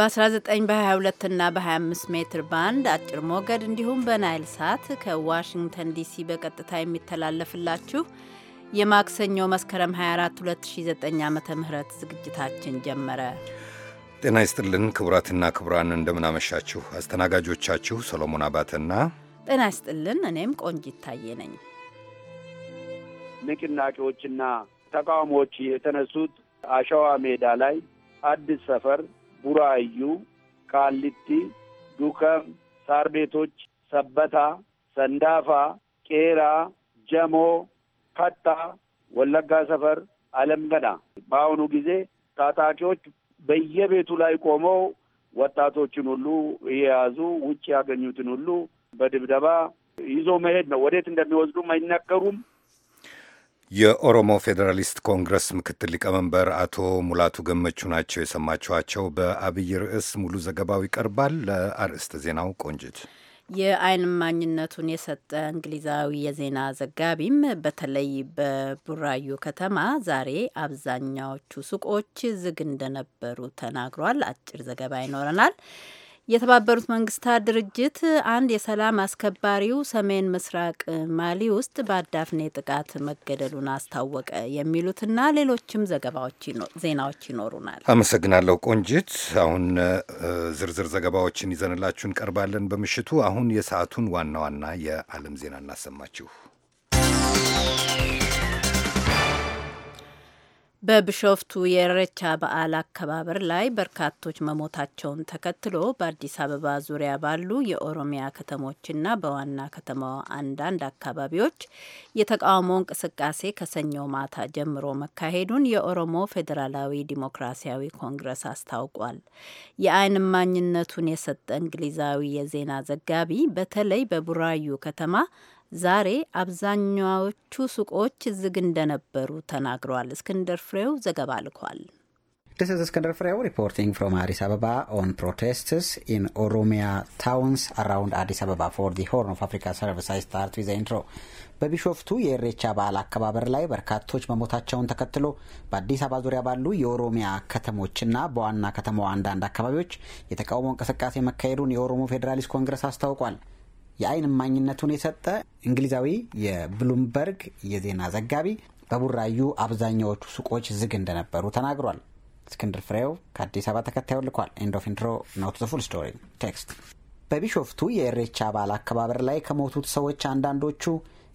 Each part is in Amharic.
በ19 በ22 እና በ25 ሜትር ባንድ አጭር ሞገድ እንዲሁም በናይል ሳት ከዋሽንግተን ዲሲ በቀጥታ የሚተላለፍላችሁ የማክሰኞ መስከረም 24 2009 ዓ ም ዝግጅታችን ጀመረ። ጤና ይስጥልን ክቡራትና ክቡራን፣ እንደምናመሻችሁ። አስተናጋጆቻችሁ ሰሎሞን አባተና ጤና ይስጥልን እኔም ቆንጅ ይታየ ነኝ። ንቅናቄዎችና ተቃውሞዎች የተነሱት አሸዋ ሜዳ ላይ፣ አዲስ ሰፈር ቡራዩ፣ ቃሊቲ፣ ዱከም፣ ሳር ቤቶች፣ ሰበታ፣ ሰንዳፋ፣ ቄራ፣ ጀሞ፣ ከታ ወለጋ ሰፈር፣ አለም ገና በአሁኑ ጊዜ ታጣቂዎች በየቤቱ ላይ ቆመው ወጣቶችን ሁሉ እየያዙ ውጭ ያገኙትን ሁሉ በድብደባ ይዞ መሄድ ነው። ወዴት እንደሚወስዱም አይናገሩም። የኦሮሞ ፌዴራሊስት ኮንግረስ ምክትል ሊቀመንበር አቶ ሙላቱ ገመቹ ናቸው የሰማችኋቸው። በአብይ ርዕስ ሙሉ ዘገባው ይቀርባል። ለአርዕስተ ዜናው ቆንጅት። የዓይን እማኝነቱን የሰጠ እንግሊዛዊ የዜና ዘጋቢም በተለይ በቡራዩ ከተማ ዛሬ አብዛኛዎቹ ሱቆች ዝግ እንደነበሩ ተናግሯል። አጭር ዘገባ ይኖረናል። የተባበሩት መንግስታት ድርጅት አንድ የሰላም አስከባሪው ሰሜን ምስራቅ ማሊ ውስጥ በአዳፍኔ ጥቃት መገደሉን አስታወቀ። የሚሉትና ሌሎችም ዘገባዎች ዜናዎች ይኖሩናል። አመሰግናለሁ ቆንጂት። አሁን ዝርዝር ዘገባዎችን ይዘንላችሁ እንቀርባለን በምሽቱ። አሁን የሰዓቱን ዋና ዋና የዓለም ዜና እናሰማችሁ። በብሾፍቱ የእረቻ በዓል አከባበር ላይ በርካቶች መሞታቸውን ተከትሎ በአዲስ አበባ ዙሪያ ባሉ የኦሮሚያ ከተሞችና በዋና ከተማዋ አንዳንድ አካባቢዎች የተቃውሞ እንቅስቃሴ ከሰኞ ማታ ጀምሮ መካሄዱን የኦሮሞ ፌዴራላዊ ዲሞክራሲያዊ ኮንግረስ አስታውቋል። የዓይን እማኝነቱን የሰጠ እንግሊዛዊ የዜና ዘጋቢ በተለይ በቡራዩ ከተማ ዛሬ አብዛኛዎቹ ሱቆች ዝግ እንደነበሩ ተናግረዋል። እስክንደር ፍሬው ዘገባ ልኳል። ስ እስክንደር ፍሬው ሪፖርቲንግ ፍሮም አዲስ አበባ ኦን ፕሮቴስትስ ኢን ኦሮሚያ ታውንስ አራውንድ አዲስ አበባ ፎር ዲ ሆርን ኦፍ አፍሪካ ሰርቪስ አይ ስታርት ዊዝ ኢንትሮ በቢሾፍቱ የእሬቻ በዓል አከባበር ላይ በርካቶች መሞታቸውን ተከትሎ በአዲስ አበባ ዙሪያ ባሉ የኦሮሚያ ከተሞችና በዋና ከተማዋ አንዳንድ አካባቢዎች የተቃውሞ እንቅስቃሴ መካሄዱን የኦሮሞ ፌዴራሊስት ኮንግረስ አስታውቋል። የአይን ማኝነቱን የሰጠ እንግሊዛዊ የብሉምበርግ የዜና ዘጋቢ በቡራዩ አብዛኛዎቹ ሱቆች ዝግ እንደነበሩ ተናግሯል። እስክንድር ፍሬው ከአዲስ አበባ ተከታዩ ልኳል። ኤንድ ኦፍ ኢንትሮ ኖት ዘ ፉል ስቶሪ ቴክስት። በቢሾፍቱ የእሬቻ በዓል አከባበር ላይ ከሞቱት ሰዎች አንዳንዶቹ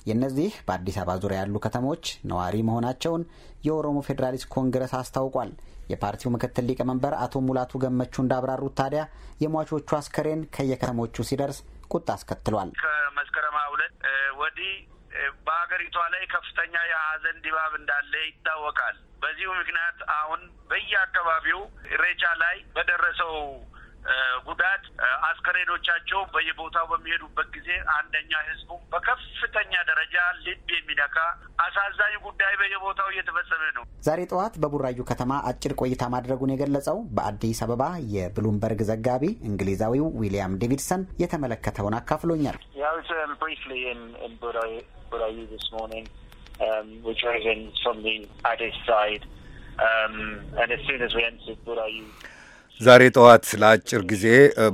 የእነዚህ በአዲስ አበባ ዙሪያ ያሉ ከተሞች ነዋሪ መሆናቸውን የኦሮሞ ፌዴራሊስት ኮንግረስ አስታውቋል። የፓርቲው ምክትል ሊቀመንበር አቶ ሙላቱ ገመቹ እንዳብራሩት ታዲያ የሟቾቹ አስከሬን ከየከተሞቹ ሲደርስ ቁጣ አስከትሏል። ከመስከረም ሁለት ወዲህ በሀገሪቷ ላይ ከፍተኛ የሀዘን ድባብ እንዳለ ይታወቃል። በዚሁ ምክንያት አሁን በየአካባቢው ኢሬቻ ላይ በደረሰው ጉዳት አስከሬኖቻቸው በየቦታው በሚሄዱበት ጊዜ አንደኛ ህዝቡ በከፍተኛ ደረጃ ልብ የሚነካ አሳዛኝ ጉዳይ በየቦታው እየተፈጸመ ነው። ዛሬ ጠዋት በቡራዩ ከተማ አጭር ቆይታ ማድረጉን የገለጸው በአዲስ አበባ የብሉምበርግ ዘጋቢ እንግሊዛዊው ዊሊያም ዴቪድሰን የተመለከተውን አካፍሎኛል። ዛሬ ጠዋት ለአጭር ጊዜ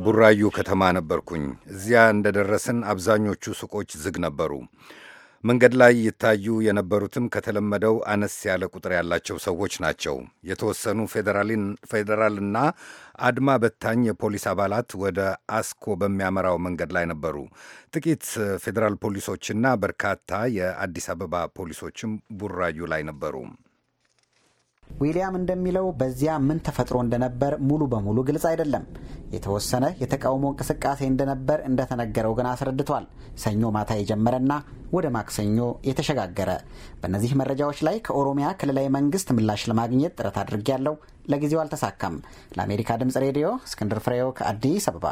ቡራዩ ከተማ ነበርኩኝ። እዚያ እንደደረስን አብዛኞቹ ሱቆች ዝግ ነበሩ። መንገድ ላይ ይታዩ የነበሩትም ከተለመደው አነስ ያለ ቁጥር ያላቸው ሰዎች ናቸው። የተወሰኑ ፌዴራልና አድማ በታኝ የፖሊስ አባላት ወደ አስኮ በሚያመራው መንገድ ላይ ነበሩ። ጥቂት ፌዴራል ፖሊሶችና በርካታ የአዲስ አበባ ፖሊሶችም ቡራዩ ላይ ነበሩ። ዊሊያም እንደሚለው በዚያ ምን ተፈጥሮ እንደነበር ሙሉ በሙሉ ግልጽ አይደለም። የተወሰነ የተቃውሞ እንቅስቃሴ እንደነበር እንደተነገረው ግን አስረድቷል። ሰኞ ማታ የጀመረና ወደ ማክሰኞ የተሸጋገረ። በእነዚህ መረጃዎች ላይ ከኦሮሚያ ክልላዊ መንግስት ምላሽ ለማግኘት ጥረት አድርጌያለሁ። ለጊዜው አልተሳካም። ለአሜሪካ ድምጽ ሬዲዮ እስክንድር ፍሬው ከአዲስ አበባ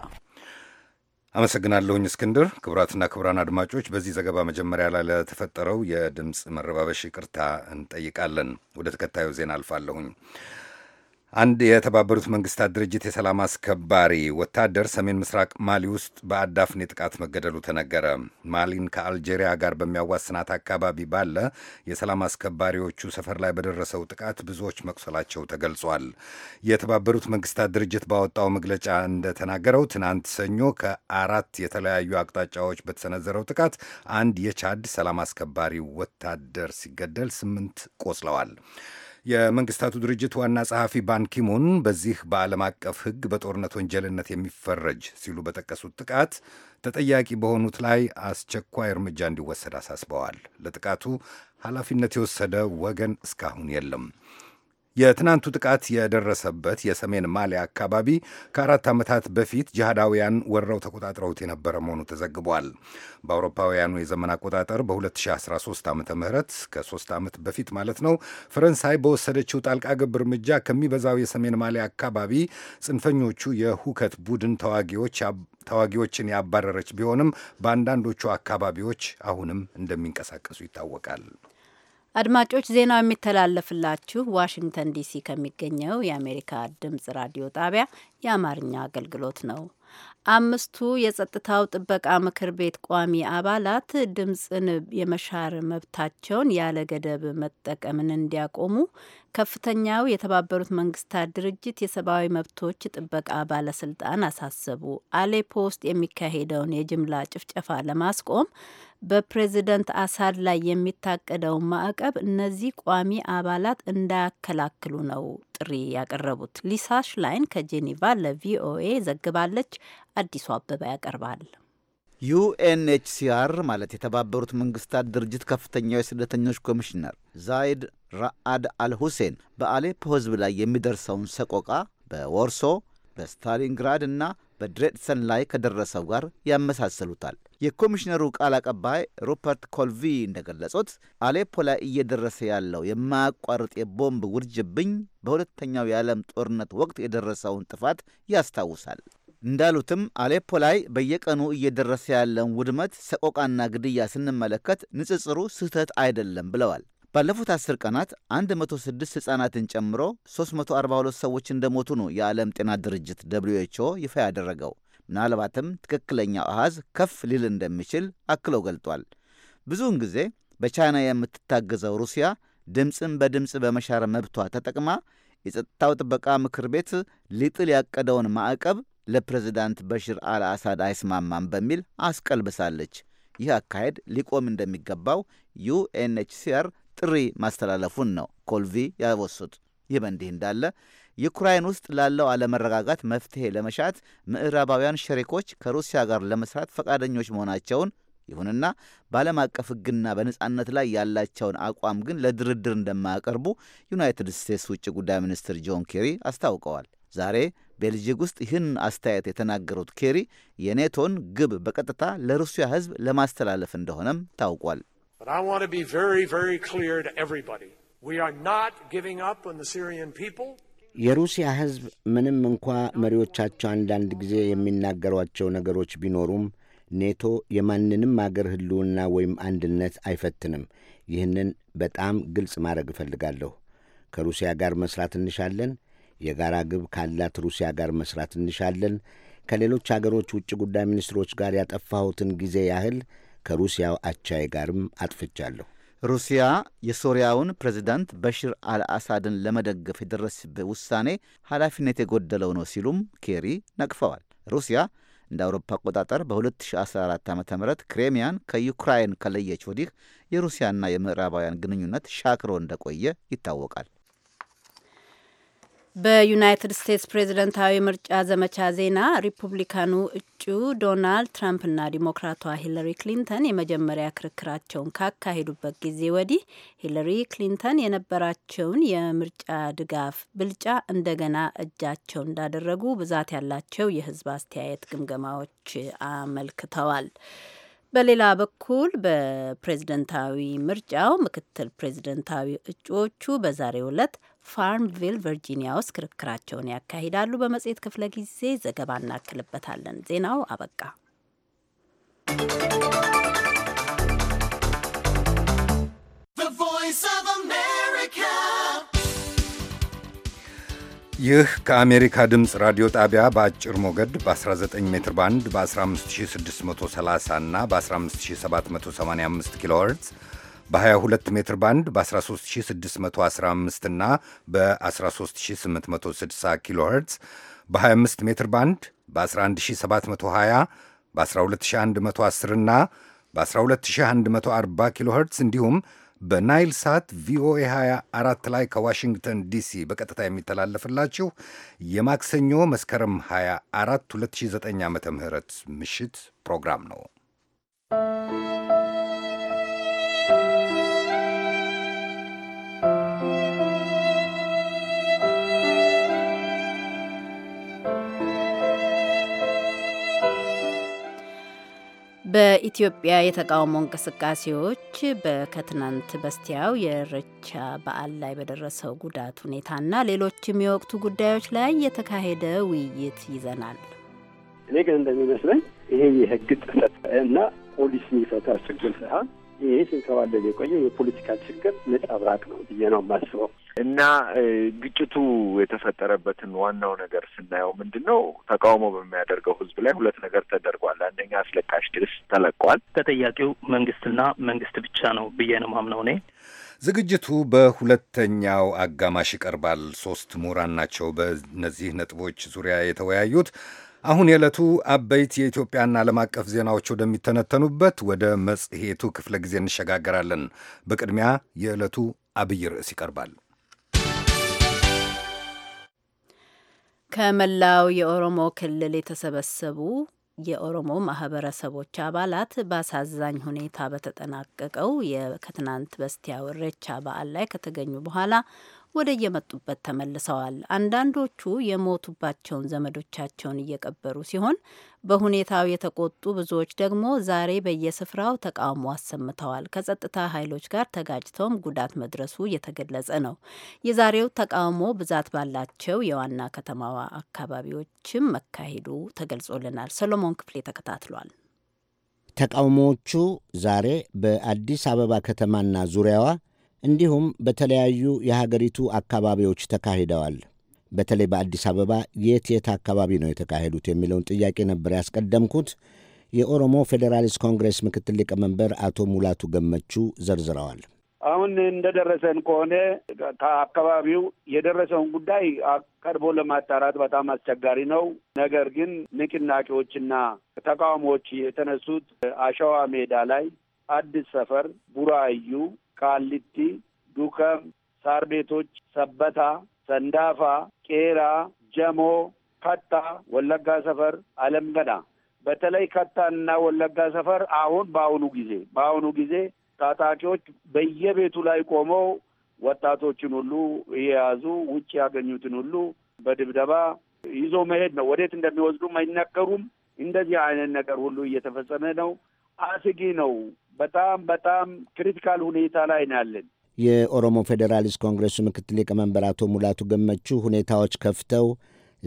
አመሰግናለሁኝ እስክንድር። ክቡራትና ክቡራን አድማጮች በዚህ ዘገባ መጀመሪያ ላይ ለተፈጠረው የድምፅ መረባበሽ ይቅርታ እንጠይቃለን። ወደ ተከታዩ ዜና አልፋለሁኝ። አንድ የተባበሩት መንግስታት ድርጅት የሰላም አስከባሪ ወታደር ሰሜን ምስራቅ ማሊ ውስጥ በአዳፍኔ ጥቃት መገደሉ ተነገረ። ማሊን ከአልጄሪያ ጋር በሚያዋስናት አካባቢ ባለ የሰላም አስከባሪዎቹ ሰፈር ላይ በደረሰው ጥቃት ብዙዎች መቁሰላቸው ተገልጿል። የተባበሩት መንግስታት ድርጅት ባወጣው መግለጫ እንደተናገረው ትናንት ሰኞ ከአራት የተለያዩ አቅጣጫዎች በተሰነዘረው ጥቃት አንድ የቻድ ሰላም አስከባሪ ወታደር ሲገደል ስምንት ቆስለዋል። የመንግስታቱ ድርጅት ዋና ጸሐፊ ባንኪሙን በዚህ በዓለም አቀፍ ሕግ በጦርነት ወንጀልነት የሚፈረጅ ሲሉ በጠቀሱት ጥቃት ተጠያቂ በሆኑት ላይ አስቸኳይ እርምጃ እንዲወሰድ አሳስበዋል። ለጥቃቱ ኃላፊነት የወሰደ ወገን እስካሁን የለም። የትናንቱ ጥቃት የደረሰበት የሰሜን ማሊ አካባቢ ከአራት ዓመታት በፊት ጅሃዳውያን ወረው ተቆጣጥረውት የነበረ መሆኑ ተዘግቧል። በአውሮፓውያኑ የዘመን አቆጣጠር በ2013 ዓ ም ከሶስት ዓመት በፊት ማለት ነው ፈረንሳይ በወሰደችው ጣልቃ ገብ እርምጃ ከሚበዛው የሰሜን ማሊያ አካባቢ ጽንፈኞቹ የሁከት ቡድን ተዋጊዎች ተዋጊዎችን ያባረረች ቢሆንም በአንዳንዶቹ አካባቢዎች አሁንም እንደሚንቀሳቀሱ ይታወቃል። አድማጮች ዜናው የሚተላለፍላችሁ ዋሽንግተን ዲሲ ከሚገኘው የአሜሪካ ድምጽ ራዲዮ ጣቢያ የአማርኛ አገልግሎት ነው። አምስቱ የጸጥታው ጥበቃ ምክር ቤት ቋሚ አባላት ድምፅን የመሻር መብታቸውን ያለ ገደብ መጠቀምን እንዲያቆሙ ከፍተኛው የተባበሩት መንግስታት ድርጅት የሰብአዊ መብቶች ጥበቃ ባለስልጣን አሳሰቡ። አሌፖ ውስጥ የሚካሄደውን የጅምላ ጭፍጨፋ ለማስቆም በፕሬዝደንት አሳድ ላይ የሚታቀደውን ማዕቀብ እነዚህ ቋሚ አባላት እንዳያከላክሉ ነው ጥሪ ያቀረቡት። ሊሳ ሽላይን ከጄኔቫ ለቪኦኤ ዘግባለች። አዲሱ አበባ ያቀርባል። ዩኤንኤችሲአር ማለት የተባበሩት መንግስታት ድርጅት ከፍተኛው የስደተኞች ኮሚሽነር ዛይድ ራአድ አልሁሴን በአሌፖ ህዝብ ላይ የሚደርሰውን ሰቆቃ በወርሶ በስታሊንግራድ እና በድሬድሰን ላይ ከደረሰው ጋር ያመሳሰሉታል። የኮሚሽነሩ ቃል አቀባይ ሩፐርት ኮልቪ እንደገለጹት አሌፖ ላይ እየደረሰ ያለው የማያቋርጥ የቦምብ ውርጅብኝ በሁለተኛው የዓለም ጦርነት ወቅት የደረሰውን ጥፋት ያስታውሳል። እንዳሉትም አሌፖ ላይ በየቀኑ እየደረሰ ያለውን ውድመት፣ ሰቆቃና ግድያ ስንመለከት ንጽጽሩ ስህተት አይደለም ብለዋል። ባለፉት 10 ቀናት 106 ሕፃናትን ጨምሮ 342 ሰዎች እንደሞቱ ነው የዓለም ጤና ድርጅት ደብልዩ ኤች ኦ ይፋ ያደረገው። ምናልባትም ትክክለኛው አሃዝ ከፍ ሊል እንደሚችል አክለው ገልጧል። ብዙውን ጊዜ በቻይና የምትታገዘው ሩሲያ ድምፅን በድምፅ በመሻር መብቷ ተጠቅማ የጸጥታው ጥበቃ ምክር ቤት ሊጥል ያቀደውን ማዕቀብ ለፕሬዚዳንት በሽር አልአሳድ አይስማማም በሚል አስቀልብሳለች። ይህ አካሄድ ሊቆም እንደሚገባው ዩኤንኤችሲአር ጥሪ ማስተላለፉን ነው ኮልቪ ያወሱት። ይህ በእንዲህ እንዳለ ዩክራይን ውስጥ ላለው አለመረጋጋት መፍትሄ ለመሻት ምዕራባውያን ሸሪኮች ከሩሲያ ጋር ለመስራት ፈቃደኞች መሆናቸውን ይሁንና በዓለም አቀፍ ሕግና በነጻነት ላይ ያላቸውን አቋም ግን ለድርድር እንደማያቀርቡ ዩናይትድ ስቴትስ ውጭ ጉዳይ ሚኒስትር ጆን ኬሪ አስታውቀዋል። ዛሬ ቤልጅግ ውስጥ ይህን አስተያየት የተናገሩት ኬሪ የኔቶን ግብ በቀጥታ ለሩሲያ ሕዝብ ለማስተላለፍ እንደሆነም ታውቋል። But I want to be very, very clear to everybody. We are not giving up on the Syrian people. የሩሲያ ሕዝብ ምንም እንኳ መሪዎቻቸው አንዳንድ ጊዜ የሚናገሯቸው ነገሮች ቢኖሩም ኔቶ የማንንም አገር ሕልውና ወይም አንድነት አይፈትንም። ይህንን በጣም ግልጽ ማድረግ እፈልጋለሁ። ከሩሲያ ጋር መስራት እንሻለን። የጋራ ግብ ካላት ሩሲያ ጋር መስራት እንሻለን። ከሌሎች አገሮች ውጭ ጉዳይ ሚኒስትሮች ጋር ያጠፋሁትን ጊዜ ያህል ከሩሲያው አቻዬ ጋርም አጥፍቻለሁ። ሩሲያ የሶሪያውን ፕሬዚዳንት በሽር አልአሳድን ለመደገፍ የደረሰበት ውሳኔ ኃላፊነት የጎደለው ነው ሲሉም ኬሪ ነቅፈዋል። ሩሲያ እንደ አውሮፓ አቆጣጠር በ2014 ዓ ም ክሬሚያን ከዩክራይን ከለየች ወዲህ የሩሲያና የምዕራባውያን ግንኙነት ሻክሮ እንደቆየ ይታወቃል። በዩናይትድ ስቴትስ ፕሬዝደንታዊ ምርጫ ዘመቻ ዜና ሪፑብሊካኑ እጩ ዶናልድ ትራምፕና ዲሞክራቷ ሂለሪ ክሊንተን የመጀመሪያ ክርክራቸውን ካካሄዱበት ጊዜ ወዲህ ሂለሪ ክሊንተን የነበራቸውን የምርጫ ድጋፍ ብልጫ እንደገና እጃቸው እንዳደረጉ ብዛት ያላቸው የሕዝብ አስተያየት ግምገማዎች አመልክተዋል። በሌላ በኩል በፕሬዝደንታዊ ምርጫው ምክትል ፕሬዝደንታዊ እጩዎቹ በዛሬው ዕለት ፋርምቪል ቨርጂኒያ ውስጥ ክርክራቸውን ያካሂዳሉ። በመጽሔት ክፍለ ጊዜ ዘገባ እናክልበታለን። ዜናው አበቃ። ይህ ከአሜሪካ ድምፅ ራዲዮ ጣቢያ በአጭር ሞገድ በ19 ሜትር ባንድ በ15630 እና በ15785 ኪሎ በ22 ሜትር ባንድ በ13615 እና በ13860 ኪሎ ሄርትዝ በ25 ሜትር ባንድ በ11720 በ12110 እና በ12140 ኪሎ ሄርትዝ እንዲሁም በናይል ሳት ቪኦኤ 24 ላይ ከዋሽንግተን ዲሲ በቀጥታ የሚተላለፍላችሁ የማክሰኞ መስከረም 24 2009 ዓ ም ምሽት ፕሮግራም ነው። በኢትዮጵያ የተቃውሞ እንቅስቃሴዎች በከትናንት በስቲያው የእረቻ በዓል ላይ በደረሰው ጉዳት ሁኔታና ሌሎችም የወቅቱ ጉዳዮች ላይ የተካሄደ ውይይት ይዘናል። እኔ ግን እንደሚመስለኝ ይሄ የህግ ጥሰት እና ፖሊስ የሚፈታ ችግር ሳይሆን ይሄ ሲንከባለል የቆየው የፖለቲካ ችግር ነጸብራቅ ነው ብዬ ነው የማስበው። እና ግጭቱ የተፈጠረበትን ዋናው ነገር ስናየው ምንድን ነው? ተቃውሞ በሚያደርገው ህዝብ ላይ ሁለት ነገር ተደርጓል። አንደኛ አስለቃሽ ድርስ ተለቋል። ተጠያቂው መንግስትና መንግስት ብቻ ነው ብዬ ነው ማምነው እኔ። ዝግጅቱ በሁለተኛው አጋማሽ ይቀርባል። ሶስት ምሁራን ናቸው በእነዚህ ነጥቦች ዙሪያ የተወያዩት። አሁን የዕለቱ አበይት የኢትዮጵያና ዓለም አቀፍ ዜናዎች ወደሚተነተኑበት ወደ መጽሔቱ ክፍለ ጊዜ እንሸጋገራለን። በቅድሚያ የዕለቱ አብይ ርዕስ ይቀርባል። ከመላው የኦሮሞ ክልል የተሰበሰቡ የኦሮሞ ማህበረሰቦች አባላት በአሳዛኝ ሁኔታ በተጠናቀቀው የከትናንት በስቲያ ኢሬቻ በዓል ላይ ከተገኙ በኋላ ወደ የመጡበት ተመልሰዋል። አንዳንዶቹ የሞቱባቸውን ዘመዶቻቸውን እየቀበሩ ሲሆን በሁኔታው የተቆጡ ብዙዎች ደግሞ ዛሬ በየስፍራው ተቃውሞ አሰምተዋል። ከጸጥታ ኃይሎች ጋር ተጋጭተውም ጉዳት መድረሱ እየተገለጸ ነው። የዛሬው ተቃውሞ ብዛት ባላቸው የዋና ከተማዋ አካባቢዎችም መካሄዱ ተገልጾልናል። ሰሎሞን ክፍሌ ተከታትሏል። ተቃውሞዎቹ ዛሬ በአዲስ አበባ ከተማና ዙሪያዋ እንዲሁም በተለያዩ የሀገሪቱ አካባቢዎች ተካሂደዋል። በተለይ በአዲስ አበባ የት የት አካባቢ ነው የተካሄዱት የሚለውን ጥያቄ ነበር ያስቀደምኩት። የኦሮሞ ፌዴራሊስት ኮንግሬስ ምክትል ሊቀመንበር አቶ ሙላቱ ገመቹ ዘርዝረዋል። አሁን እንደደረሰን ከሆነ ከአካባቢው የደረሰውን ጉዳይ ቀርቦ ለማጣራት በጣም አስቸጋሪ ነው። ነገር ግን ንቅናቄዎችና ተቃውሞዎች የተነሱት አሸዋ ሜዳ ላይ፣ አዲስ ሰፈር፣ ቡራዩ ቃሊቲ፣ ዱከም፣ ሳር ቤቶች፣ ሰበታ፣ ሰንዳፋ፣ ቄራ፣ ጀሞ፣ ከታ፣ ወለጋ ሰፈር፣ አለም ገና በተለይ እና ወለጋ ሰፈር አሁን በአሁኑ ጊዜ በአሁኑ ጊዜ ታጣቂዎች በየቤቱ ላይ ቆመው ወጣቶችን ሁሉ እየያዙ ውጭ ያገኙትን ሁሉ በድብደባ ይዞ መሄድ ነው። ወዴት እንደሚወስዱም አይናገሩም። እንደዚህ አይነት ነገር ሁሉ እየተፈጸመ ነው። አስጊ ነው። በጣም በጣም ክሪቲካል ሁኔታ ላይ ነው ያለን። የኦሮሞ ፌዴራሊስት ኮንግሬሱ ምክትል ሊቀመንበር አቶ ሙላቱ ገመቹ ሁኔታዎች ከፍተው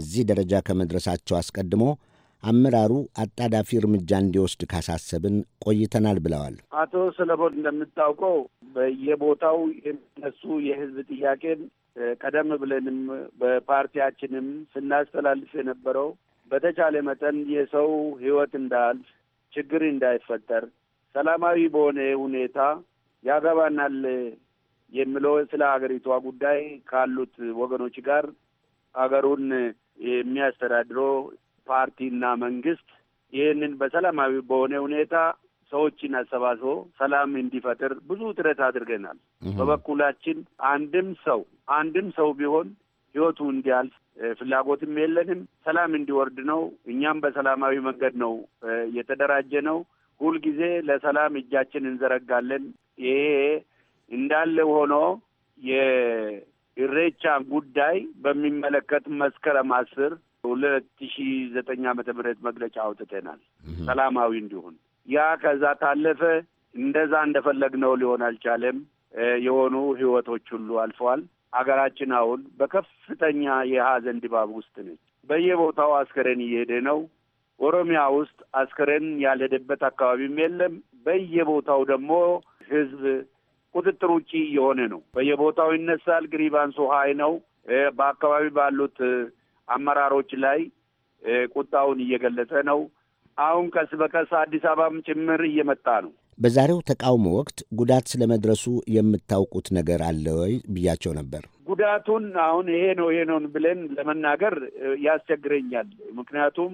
እዚህ ደረጃ ከመድረሳቸው አስቀድሞ አመራሩ አጣዳፊ እርምጃ እንዲወስድ ካሳሰብን ቆይተናል ብለዋል። አቶ ሰለሞን እንደምታውቀው በየቦታው የሚነሱ የህዝብ ጥያቄን ቀደም ብለንም በፓርቲያችንም ስናስተላልፍ የነበረው በተቻለ መጠን የሰው ህይወት እንዳልፍ ችግር እንዳይፈጠር ሰላማዊ በሆነ ሁኔታ ያገባናል የሚለው ስለ ሀገሪቷ ጉዳይ ካሉት ወገኖች ጋር አገሩን የሚያስተዳድረው ፓርቲና መንግስት ይህንን በሰላማዊ በሆነ ሁኔታ ሰዎችን አሰባስቦ ሰላም እንዲፈጥር ብዙ ጥረት አድርገናል። በበኩላችን አንድም ሰው አንድም ሰው ቢሆን ህይወቱ እንዲያልፍ ፍላጎትም የለንም። ሰላም እንዲወርድ ነው። እኛም በሰላማዊ መንገድ ነው የተደራጀ ነው። ሁልጊዜ ለሰላም እጃችን እንዘረጋለን። ይሄ እንዳለ ሆኖ የኢሬቻን ጉዳይ በሚመለከት መስከረም አስር ሁለት ሺ ዘጠኝ ዓመተ ምህረት መግለጫ አውጥተናል። ሰላማዊ እንዲሁን ያ ከዛ ታለፈ እንደዛ እንደፈለግነው ሊሆን አልቻለም። የሆኑ ህይወቶች ሁሉ አልፈዋል። አገራችን አሁን በከፍተኛ የሀዘን ድባብ ውስጥ ነች። በየቦታው አስከሬን እየሄደ ነው። ኦሮሚያ ውስጥ አስክረን ያልሄደበት አካባቢም የለም። በየቦታው ደግሞ ህዝብ ቁጥጥር ውጪ የሆነ ነው። በየቦታው ይነሳል። ግሪባንስ ሀይ ነው። በአካባቢ ባሉት አመራሮች ላይ ቁጣውን እየገለጸ ነው። አሁን ቀስ በቀስ አዲስ አበባም ጭምር እየመጣ ነው። በዛሬው ተቃውሞ ወቅት ጉዳት ስለመድረሱ የምታውቁት ነገር አለ ወይ ብያቸው ነበር። ጉዳቱን አሁን ይሄ ነው ይሄ ነውን ብለን ለመናገር ያስቸግረኛል። ምክንያቱም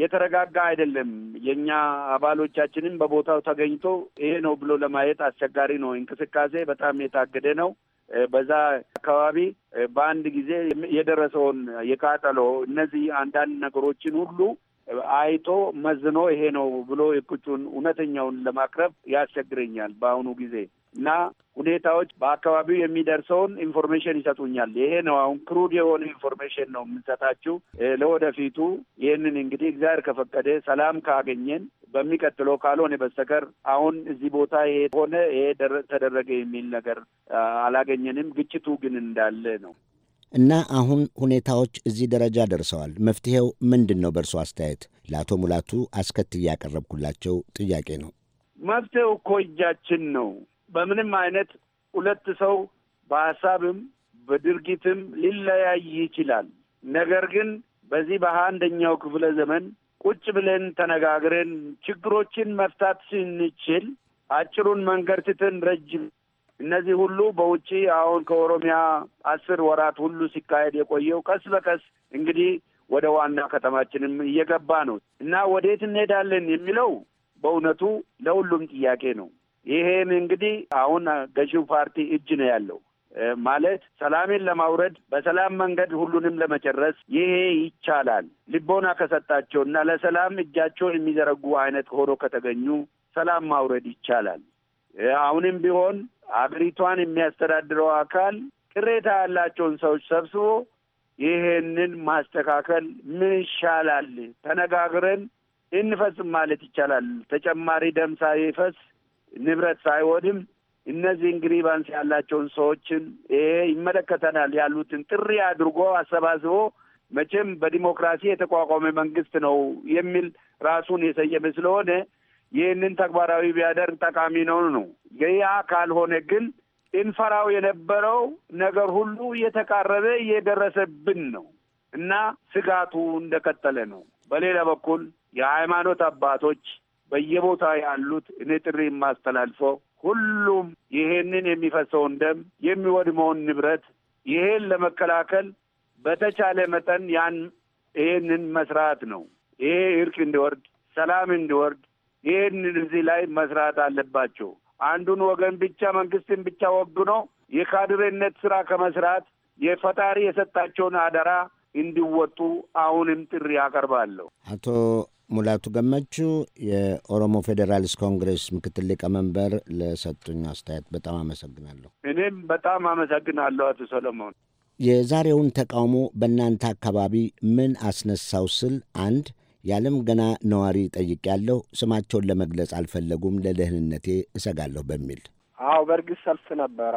የተረጋጋ አይደለም። የእኛ አባሎቻችንም በቦታው ተገኝቶ ይሄ ነው ብሎ ለማየት አስቸጋሪ ነው። እንቅስቃሴ በጣም የታገደ ነው። በዛ አካባቢ በአንድ ጊዜ የደረሰውን የቃጠሎ እነዚህ አንዳንድ ነገሮችን ሁሉ አይቶ መዝኖ ይሄ ነው ብሎ እቅጩን እውነተኛውን ለማቅረብ ያስቸግረኛል በአሁኑ ጊዜ። እና ሁኔታዎች በአካባቢው የሚደርሰውን ኢንፎርሜሽን ይሰጡኛል። ይሄ ነው አሁን ክሩድ የሆነ ኢንፎርሜሽን ነው የምንሰጣችሁ። ለወደፊቱ ይህንን እንግዲህ እግዚአብሔር ከፈቀደ ሰላም ካገኘን በሚቀጥለው ካልሆነ በስተቀር አሁን እዚህ ቦታ ይሄ ሆነ ይሄ ተደረገ የሚል ነገር አላገኘንም። ግጭቱ ግን እንዳለ ነው እና አሁን ሁኔታዎች እዚህ ደረጃ ደርሰዋል። መፍትሄው ምንድን ነው? በእርሶ አስተያየት ለአቶ ሙላቱ አስከት ያቀረብኩላቸው ጥያቄ ነው። መፍትሄው እኮ እጃችን ነው። በምንም አይነት ሁለት ሰው በሀሳብም በድርጊትም ሊለያይ ይችላል። ነገር ግን በዚህ በአንደኛው ክፍለ ዘመን ቁጭ ብለን ተነጋግረን ችግሮችን መፍታት ስንችል አጭሩን መንገድ ትተን ረጅም እነዚህ ሁሉ በውጪ አሁን ከኦሮሚያ አስር ወራት ሁሉ ሲካሄድ የቆየው ቀስ በቀስ እንግዲህ ወደ ዋና ከተማችንም እየገባ ነው እና ወዴት እንሄዳለን የሚለው በእውነቱ ለሁሉም ጥያቄ ነው። ይሄን እንግዲህ አሁን ገዢው ፓርቲ እጅ ነው ያለው ማለት ሰላምን ለማውረድ በሰላም መንገድ ሁሉንም ለመጨረስ ይሄ ይቻላል። ልቦና ከሰጣቸው እና ለሰላም እጃቸው የሚዘረጉ አይነት ሆኖ ከተገኙ ሰላም ማውረድ ይቻላል። አሁንም ቢሆን አገሪቷን የሚያስተዳድረው አካል ቅሬታ ያላቸውን ሰዎች ሰብስቦ ይሄንን ማስተካከል ምን ይሻላል፣ ተነጋግረን እንፈጽም ማለት ይቻላል። ተጨማሪ ደም ሳይፈስ ንብረት ሳይወድም እነዚህን ግሪቫንስ ያላቸውን ሰዎችን ይሄ ይመለከተናል ያሉትን ጥሪ አድርጎ አሰባስቦ መቼም በዲሞክራሲ የተቋቋመ መንግስት ነው የሚል ራሱን የሰየመ ስለሆነ ይህንን ተግባራዊ ቢያደርግ ጠቃሚ ነው ነው። ያ ካልሆነ ግን እንፈራው የነበረው ነገር ሁሉ እየተቃረበ እየደረሰብን ነው እና ስጋቱ እንደቀጠለ ነው። በሌላ በኩል የሃይማኖት አባቶች በየቦታ ያሉት እኔ ጥሪ የማስተላልፈው ሁሉም ይሄንን የሚፈሰውን ደም የሚወድመውን ንብረት ይሄን ለመከላከል በተቻለ መጠን ያን ይሄንን መስራት ነው። ይሄ እርቅ እንዲወርድ፣ ሰላም እንዲወርድ ይሄንን እዚህ ላይ መስራት አለባቸው። አንዱን ወገን ብቻ መንግስትን ብቻ ወግኖ የካድሬነት ስራ ከመስራት የፈጣሪ የሰጣቸውን አደራ እንዲወጡ አሁንም ጥሪ አቀርባለሁ። አቶ ሙላቱ ገመቹ የኦሮሞ ፌዴራልስ ኮንግሬስ ምክትል ሊቀመንበር ለሰጡኝ አስተያየት በጣም አመሰግናለሁ። እኔም በጣም አመሰግናለሁ አቶ ሰለሞን። የዛሬውን ተቃውሞ በእናንተ አካባቢ ምን አስነሳው ስል አንድ የዓለም ገና ነዋሪ ጠይቄያለሁ። ስማቸውን ለመግለጽ አልፈለጉም፣ ለደህንነቴ እሰጋለሁ በሚል አዎ፣ በእርግጥ ሰልፍ ነበረ።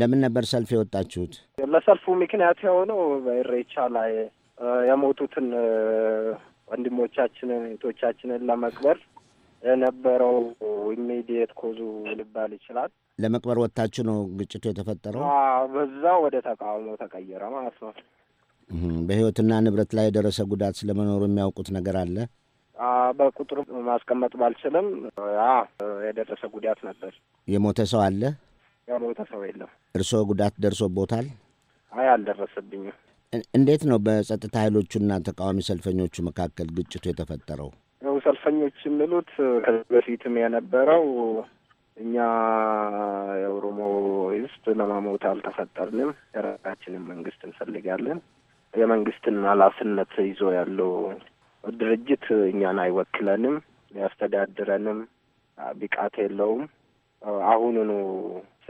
ለምን ነበር ሰልፍ የወጣችሁት? ለሰልፉ ምክንያት የሆነው በኢሬቻ ላይ የሞቱትን ወንድሞቻችንን እህቶቻችንን ለመቅበር የነበረው ኢሚዲየት ኮዙ ሊባል ይችላል። ለመቅበር ወታችሁ ነው ግጭቱ የተፈጠረው? በዛ ወደ ተቃውሞ ተቀየረ ማለት ነው። በህይወትና ንብረት ላይ የደረሰ ጉዳት ስለመኖሩ የሚያውቁት ነገር አለ? በቁጥር ማስቀመጥ ባልችልም የደረሰ ጉዳት ነበር። የሞተ ሰው አለ? የሞተ ሰው የለም። እርስዎ ጉዳት ደርሶቦታል? አይ አልደረሰብኝም። እንዴት ነው በጸጥታ ኃይሎቹና ተቃዋሚ ሰልፈኞቹ መካከል ግጭቱ የተፈጠረው? ያው ሰልፈኞች የሚሉት ከዚህ በፊትም የነበረው እኛ የኦሮሞ ሕዝብ ለማሞት አልተፈጠርንም፣ የራሳችንን መንግስት እንፈልጋለን፣ የመንግስትን ኃላፊነት ይዞ ያለው ድርጅት እኛን አይወክለንም፣ ሊያስተዳድረንም ብቃት የለውም፣ አሁኑኑ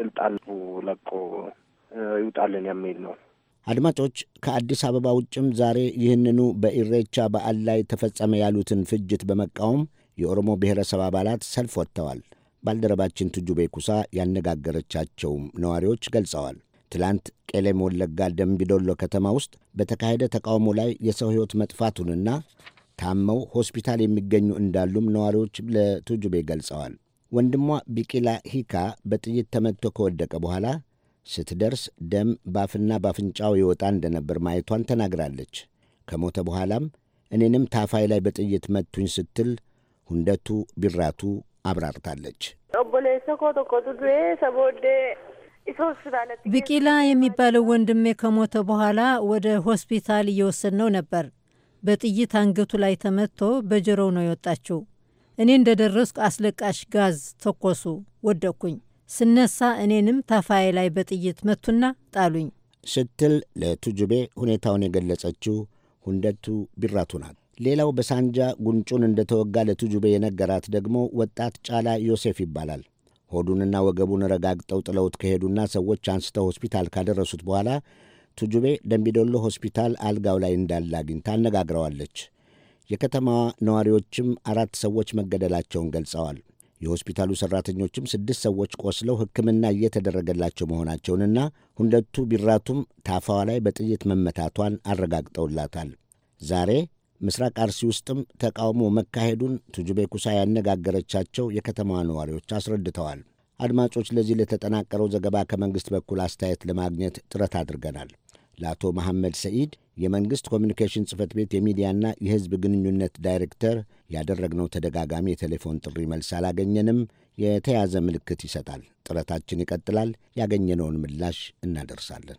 ስልጣን ለቆ ይውጣልን የሚል ነው። አድማጮች ከአዲስ አበባ ውጭም ዛሬ ይህንኑ በኢሬቻ በዓል ላይ ተፈጸመ ያሉትን ፍጅት በመቃወም የኦሮሞ ብሔረሰብ አባላት ሰልፍ ወጥተዋል። ባልደረባችን ትጁ ቤኩሳ ያነጋገረቻቸውም ነዋሪዎች ገልጸዋል። ትላንት ቄሌም ወለጋ ደምቢዶሎ ከተማ ውስጥ በተካሄደ ተቃውሞ ላይ የሰው ሕይወት መጥፋቱንና ታመው ሆስፒታል የሚገኙ እንዳሉም ነዋሪዎች ለቱጁቤ ገልጸዋል። ወንድሟ ቢቂላ ሂካ በጥይት ተመትቶ ከወደቀ በኋላ ስትደርስ ደም ባፍና ባፍንጫው ይወጣ እንደነበር ማየቷን ተናግራለች። ከሞተ በኋላም እኔንም ታፋይ ላይ በጥይት መቱኝ ስትል ሁንደቱ ቢራቱ አብራርታለች። ብቂላ የሚባለው ወንድሜ ከሞተ በኋላ ወደ ሆስፒታል እየወሰድነው ነበር። በጥይት አንገቱ ላይ ተመትቶ በጆሮው ነው የወጣችው። እኔ እንደደረስኩ አስለቃሽ ጋዝ ተኮሱ፣ ወደቅኩኝ። ስነሳ እኔንም ታፋዬ ላይ በጥይት መቱና ጣሉኝ ስትል ለቱጁቤ ሁኔታውን የገለጸችው ሁንደቱ ቢራቱ ናት። ሌላው በሳንጃ ጉንጩን እንደተወጋ ለቱጁቤ የነገራት ደግሞ ወጣት ጫላ ዮሴፍ ይባላል። ሆዱንና ወገቡን ረጋግጠው ጥለውት ከሄዱና ሰዎች አንስተው ሆስፒታል ካደረሱት በኋላ ቱጁቤ ደንቢዶሎ ሆስፒታል አልጋው ላይ እንዳለ አግኝታ አነጋግረዋለች። የከተማዋ ነዋሪዎችም አራት ሰዎች መገደላቸውን ገልጸዋል። የሆስፒታሉ ሠራተኞችም ስድስት ሰዎች ቆስለው ሕክምና እየተደረገላቸው መሆናቸውንና ሁለቱ ቢራቱም ታፋዋ ላይ በጥይት መመታቷን አረጋግጠውላታል። ዛሬ ምስራቅ አርሲ ውስጥም ተቃውሞ መካሄዱን ቱጁቤ ኩሳ ያነጋገረቻቸው የከተማዋ ነዋሪዎች አስረድተዋል። አድማጮች፣ ለዚህ ለተጠናቀረው ዘገባ ከመንግሥት በኩል አስተያየት ለማግኘት ጥረት አድርገናል። ለአቶ መሐመድ ሰኢድ የመንግሥት ኮሚኒኬሽን ጽፈት ቤት የሚዲያና የሕዝብ ግንኙነት ዳይሬክተር ያደረግነው ተደጋጋሚ የቴሌፎን ጥሪ መልስ አላገኘንም። የተያዘ ምልክት ይሰጣል። ጥረታችን ይቀጥላል። ያገኘነውን ምላሽ እናደርሳለን።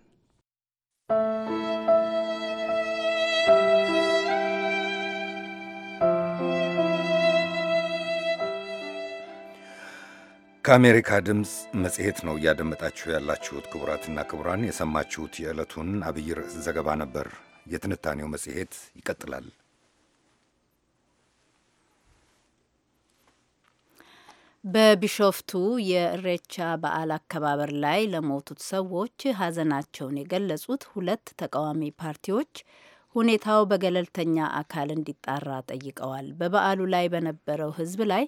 ከአሜሪካ ድምፅ መጽሔት ነው እያደመጣችሁ ያላችሁት። ክቡራትና ክቡራን የሰማችሁት የዕለቱን አብይ ርዕስ ዘገባ ነበር። የትንታኔው መጽሔት ይቀጥላል። በቢሾፍቱ የእሬቻ በዓል አከባበር ላይ ለሞቱት ሰዎች ሀዘናቸውን የገለጹት ሁለት ተቃዋሚ ፓርቲዎች ሁኔታው በገለልተኛ አካል እንዲጣራ ጠይቀዋል። በበዓሉ ላይ በነበረው ሕዝብ ላይ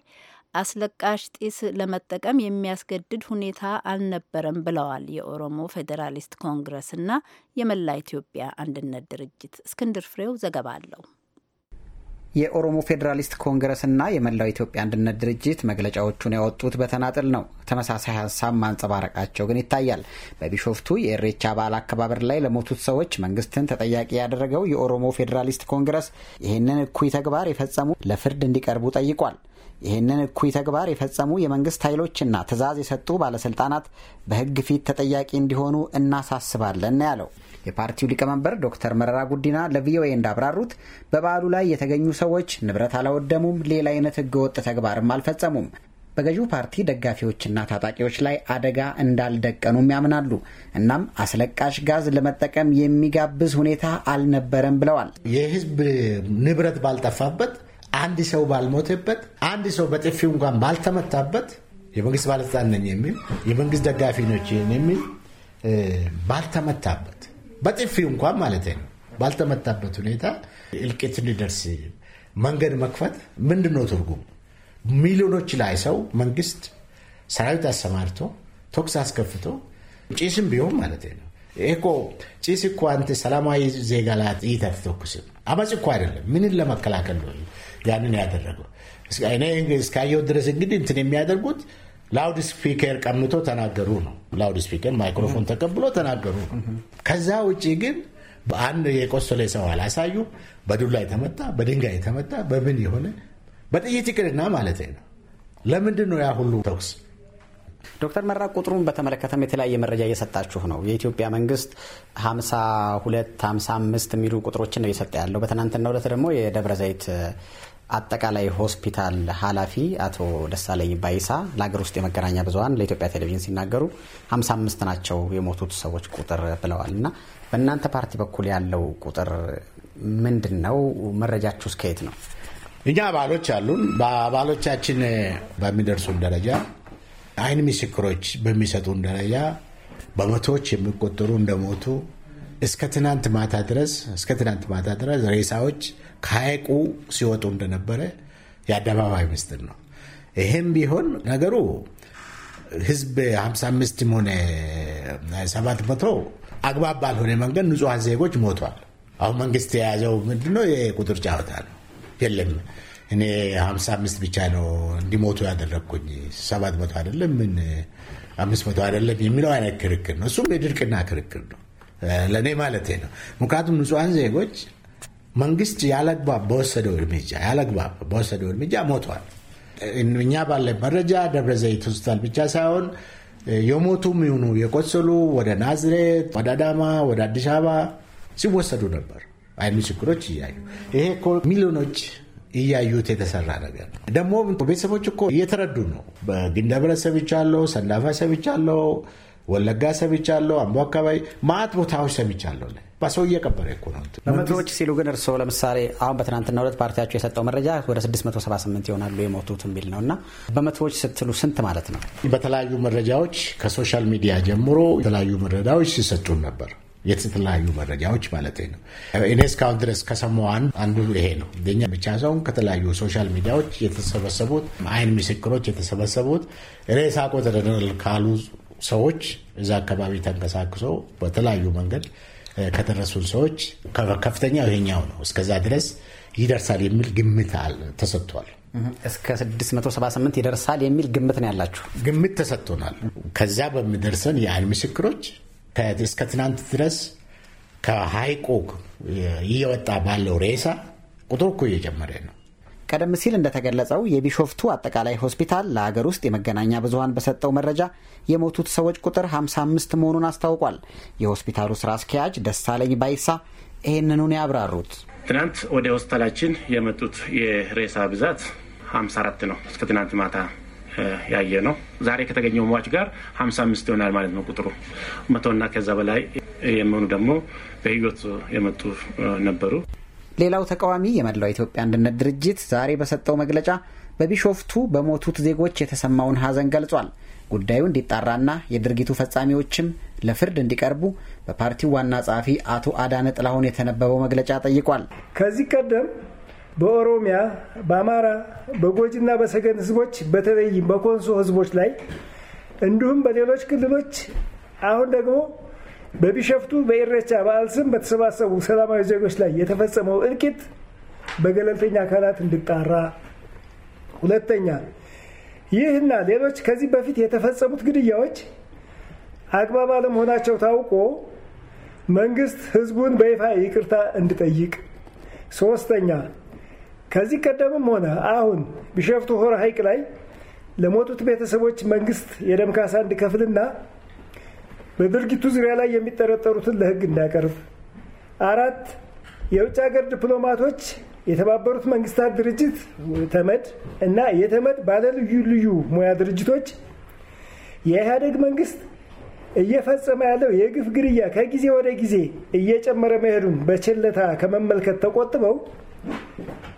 አስለቃሽ ጢስ ለመጠቀም የሚያስገድድ ሁኔታ አልነበረም ብለዋል የኦሮሞ ፌዴራሊስት ኮንግረስና የመላ ኢትዮጵያ አንድነት ድርጅት። እስክንድር ፍሬው ዘገባ አለው። የኦሮሞ ፌዴራሊስት ኮንግረስና የመላው ኢትዮጵያ አንድነት ድርጅት መግለጫዎቹን ያወጡት በተናጥል ነው። ተመሳሳይ ሀሳብ ማንጸባረቃቸው ግን ይታያል። በቢሾፍቱ የእሬቻ በዓል አከባበር ላይ ለሞቱት ሰዎች መንግስትን ተጠያቂ ያደረገው የኦሮሞ ፌዴራሊስት ኮንግረስ ይህንን እኩይ ተግባር የፈጸሙ ለፍርድ እንዲቀርቡ ጠይቋል። ይህንን እኩይ ተግባር የፈጸሙ የመንግስት ኃይሎችና ትዕዛዝ የሰጡ ባለስልጣናት በሕግ ፊት ተጠያቂ እንዲሆኑ እናሳስባለን ያለው የፓርቲው ሊቀመንበር ዶክተር መረራ ጉዲና ለቪኦኤ እንዳብራሩት በበዓሉ ላይ የተገኙ ሰዎች ንብረት አላወደሙም፣ ሌላ አይነት ህገወጥ ተግባርም አልፈጸሙም። በገዢው ፓርቲ ደጋፊዎችና ታጣቂዎች ላይ አደጋ እንዳልደቀኑም ያምናሉ። እናም አስለቃሽ ጋዝ ለመጠቀም የሚጋብዝ ሁኔታ አልነበረም ብለዋል። የህዝብ ንብረት ባልጠፋበት አንድ ሰው ባልሞተበት፣ አንድ ሰው በጥፊ እንኳን ባልተመታበት የመንግስት ባለስልጣን ነኝ የሚል የመንግስት ደጋፊ ነች የሚል ባልተመታበት፣ በጥፊ እንኳን ማለት ነው ባልተመታበት ሁኔታ እልቂት እንዲደርስ መንገድ መክፈት ምንድን ነው ትርጉም? ሚሊዮኖች ላይ ሰው መንግስት ሰራዊት አሰማርቶ ተኩስ አስከፍቶ ጭስም ቢሆን ማለት ነው። ይሄ እኮ ጭስ እኮ አንተ ሰላማዊ ዜጋ ላይ ጥይት አትተኩስም። አመፅ እኮ አይደለም። ምንን ለመከላከል ነው ያንን ያደረገው እኔ እስካየሁት ድረስ እንግዲህ እንትን የሚያደርጉት ላውድ ስፒከር ቀምቶ ተናገሩ ነው። ላውድ ስፒከር ማይክሮፎን ተቀብሎ ተናገሩ ነው። ከዛ ውጭ ግን በአንድ የቆሰለ ሰው አላሳዩ። በዱላ የተመጣ በድንጋይ የተመጣ በምን የሆነ በጥይት ይቅርና ማለት ነው። ለምንድን ነው ያ ሁሉ ተኩስ? ዶክተር መራ ቁጥሩን በተመለከተም የተለያየ መረጃ እየሰጣችሁ ነው። የኢትዮጵያ መንግስት 52 55 የሚሉ ቁጥሮችን ነው እየሰጠ ያለው። በትናንትናው ዕለት ደግሞ የደብረ ዘይት አጠቃላይ ሆስፒታል ኃላፊ አቶ ደሳለኝ ባይሳ ለሀገር ውስጥ የመገናኛ ብዙኃን ለኢትዮጵያ ቴሌቪዥን ሲናገሩ 55 ናቸው የሞቱት ሰዎች ቁጥር ብለዋል እና በእናንተ ፓርቲ በኩል ያለው ቁጥር ምንድን ነው? መረጃችሁ እስከየት ነው? እኛ አባሎች አሉን። በአባሎቻችን በሚደርሱን ደረጃ አይን ምስክሮች በሚሰጡን ደረጃ በመቶዎች የሚቆጠሩ እንደሞቱ እስከ ትናንት ማታ ድረስ እስከ ትናንት ማታ ድረስ ሬሳዎች ከሀይቁ ሲወጡ እንደነበረ የአደባባይ ምስጢር ነው። ይህም ቢሆን ነገሩ ህዝብ 55ም ሆነ 700 አግባብ ባልሆነ መንገድ ንጹሐን ዜጎች ሞቷል። አሁን መንግስት የያዘው ምንድነው? የቁጥር ጫወታ ነው። የለም እኔ 55 ብቻ ነው እንዲሞቱ ያደረግኩኝ 700 አይደለም ምን 500 አይደለም የሚለው አይነት ክርክር ነው። እሱም የድርቅና ክርክር ነው። ለእኔ ማለት ነው። ምክንያቱም ንጹሐን ዜጎች መንግስት ያለግባብ በወሰደው እርምጃ ያለግባብ በወሰደው እርምጃ ሞቷል። እኛ ባለ መረጃ ደብረ ዘይት ሆስፒታል ብቻ ሳይሆን የሞቱም ይሁኑ የቆሰሉ ወደ ናዝሬት፣ ወደ አዳማ፣ ወደ አዲስ አበባ ሲወሰዱ ነበር። አይ ምስክሮች እያዩ ይሄ እኮ ሚሊዮኖች እያዩት የተሰራ ነገር ነው። ደግሞ ቤተሰቦች እኮ እየተረዱ ነው። በግንደበረ ሰምቻለሁ፣ ሰንዳፋ ሰምቻለሁ ወለጋ ሰምቻለሁ፣ አምቦ አካባቢ ማአት ቦታዎች ሰምቻለሁ። ሰው እየቀበረ እኮ ነው። በመቶዎች ሲሉ ግን እርስዎ ለምሳሌ አሁን በትናንትና ሁለት ፓርቲያቸው የሰጠው መረጃ ወደ 678 ይሆናሉ የሞቱት የሚል ነው እና በመቶዎች ስትሉ ስንት ማለት ነው? በተለያዩ መረጃዎች ከሶሻል ሚዲያ ጀምሮ የተለያዩ መረጃዎች ሲሰጡን ነበር። የተለያዩ መረጃዎች ማለት ነው። እኔ እስካሁን ድረስ ከሰማሁ አንዱ ይሄ ነው። እንደኛ ብቻ ሰውን ከተለያዩ ሶሻል ሚዲያዎች የተሰበሰቡት አይን ምስክሮች የተሰበሰቡት ሬሳ ቆጥረናል ካሉ ሰዎች እዛ አካባቢ ተንቀሳቅሶ በተለያዩ መንገድ ከደረሱን ሰዎች ከፍተኛ ይሄኛው ነው። እስከዛ ድረስ ይደርሳል የሚል ግምት ተሰጥቷል። እስከ 678 ይደርሳል የሚል ግምት ነው ያላችሁ? ግምት ተሰጥቶናል። ከዛ በሚደርሰን የአይን ምስክሮች እስከ ትናንት ድረስ ከሀይቁ እየወጣ ባለው ሬሳ ቁጥር እኮ እየጨመረ ነው። ቀደም ሲል እንደተገለጸው የቢሾፍቱ አጠቃላይ ሆስፒታል ለሀገር ውስጥ የመገናኛ ብዙኃን በሰጠው መረጃ የሞቱት ሰዎች ቁጥር 55 መሆኑን አስታውቋል። የሆስፒታሉ ስራ አስኪያጅ ደሳለኝ ባይሳ ይህንኑን ያብራሩት ትናንት ወደ ሆስፒታላችን የመጡት የሬሳ ብዛት 54 ነው። እስከ ትናንት ማታ ያየ ነው። ዛሬ ከተገኘው ሟች ጋር 55 ይሆናል ማለት ነው ቁጥሩ። መቶና ከዛ በላይ የሚሆኑ ደግሞ በህይወት የመጡ ነበሩ። ሌላው ተቃዋሚ የመላው ኢትዮጵያ አንድነት ድርጅት ዛሬ በሰጠው መግለጫ በቢሾፍቱ በሞቱት ዜጎች የተሰማውን ሐዘን ገልጿል። ጉዳዩ እንዲጣራና የድርጊቱ ፈጻሚዎችም ለፍርድ እንዲቀርቡ በፓርቲው ዋና ጸሐፊ አቶ አዳነ ጥላሁን የተነበበው መግለጫ ጠይቋል። ከዚህ ቀደም በኦሮሚያ፣ በአማራ፣ በጎጂና በሰገን ህዝቦች በተለይም በኮንሶ ህዝቦች ላይ እንዲሁም በሌሎች ክልሎች አሁን ደግሞ በቢሸፍቱ በኢሬቻ በዓል ስም በተሰባሰቡ ሰላማዊ ዜጎች ላይ የተፈጸመው እልቂት በገለልተኛ አካላት እንዲጣራ። ሁለተኛ ይህና ሌሎች ከዚህ በፊት የተፈጸሙት ግድያዎች አግባብ አለመሆናቸው ታውቆ መንግስት ህዝቡን በይፋ ይቅርታ እንዲጠይቅ። ሶስተኛ ከዚህ ቀደምም ሆነ አሁን ቢሸፍቱ ሆረ ሐይቅ ላይ ለሞቱት ቤተሰቦች መንግስት የደም ካሳ እንዲከፍልና በድርጊቱ ዙሪያ ላይ የሚጠረጠሩትን ለህግ እንዳቀርብ፣ አራት የውጭ ሀገር ዲፕሎማቶች የተባበሩት መንግስታት ድርጅት ተመድ እና የተመድ ባለ ልዩ ልዩ ሙያ ድርጅቶች የኢህአዴግ መንግስት እየፈጸመ ያለው የግፍ ግድያ ከጊዜ ወደ ጊዜ እየጨመረ መሄዱን በችለታ ከመመልከት ተቆጥበው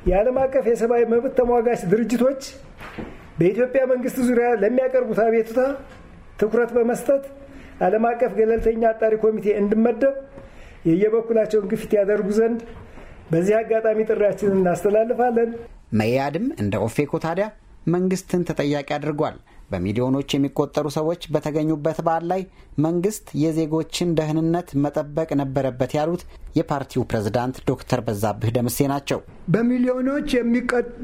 የዓለም አቀፍ የሰብአዊ መብት ተሟጋች ድርጅቶች በኢትዮጵያ መንግስት ዙሪያ ለሚያቀርቡት አቤቱታ ትኩረት በመስጠት ዓለም አቀፍ ገለልተኛ አጣሪ ኮሚቴ እንድመደብ የየበኩላቸውን ግፊት ያደርጉ ዘንድ በዚህ አጋጣሚ ጥሪያችንን እናስተላልፋለን። መያድም እንደ ኦፌኮ ታዲያ መንግስትን ተጠያቂ አድርጓል። በሚሊዮኖች የሚቆጠሩ ሰዎች በተገኙበት በዓል ላይ መንግስት የዜጎችን ደህንነት መጠበቅ ነበረበት ያሉት የፓርቲው ፕሬዝዳንት ዶክተር በዛብህ ደምሴ ናቸው። በሚሊዮኖች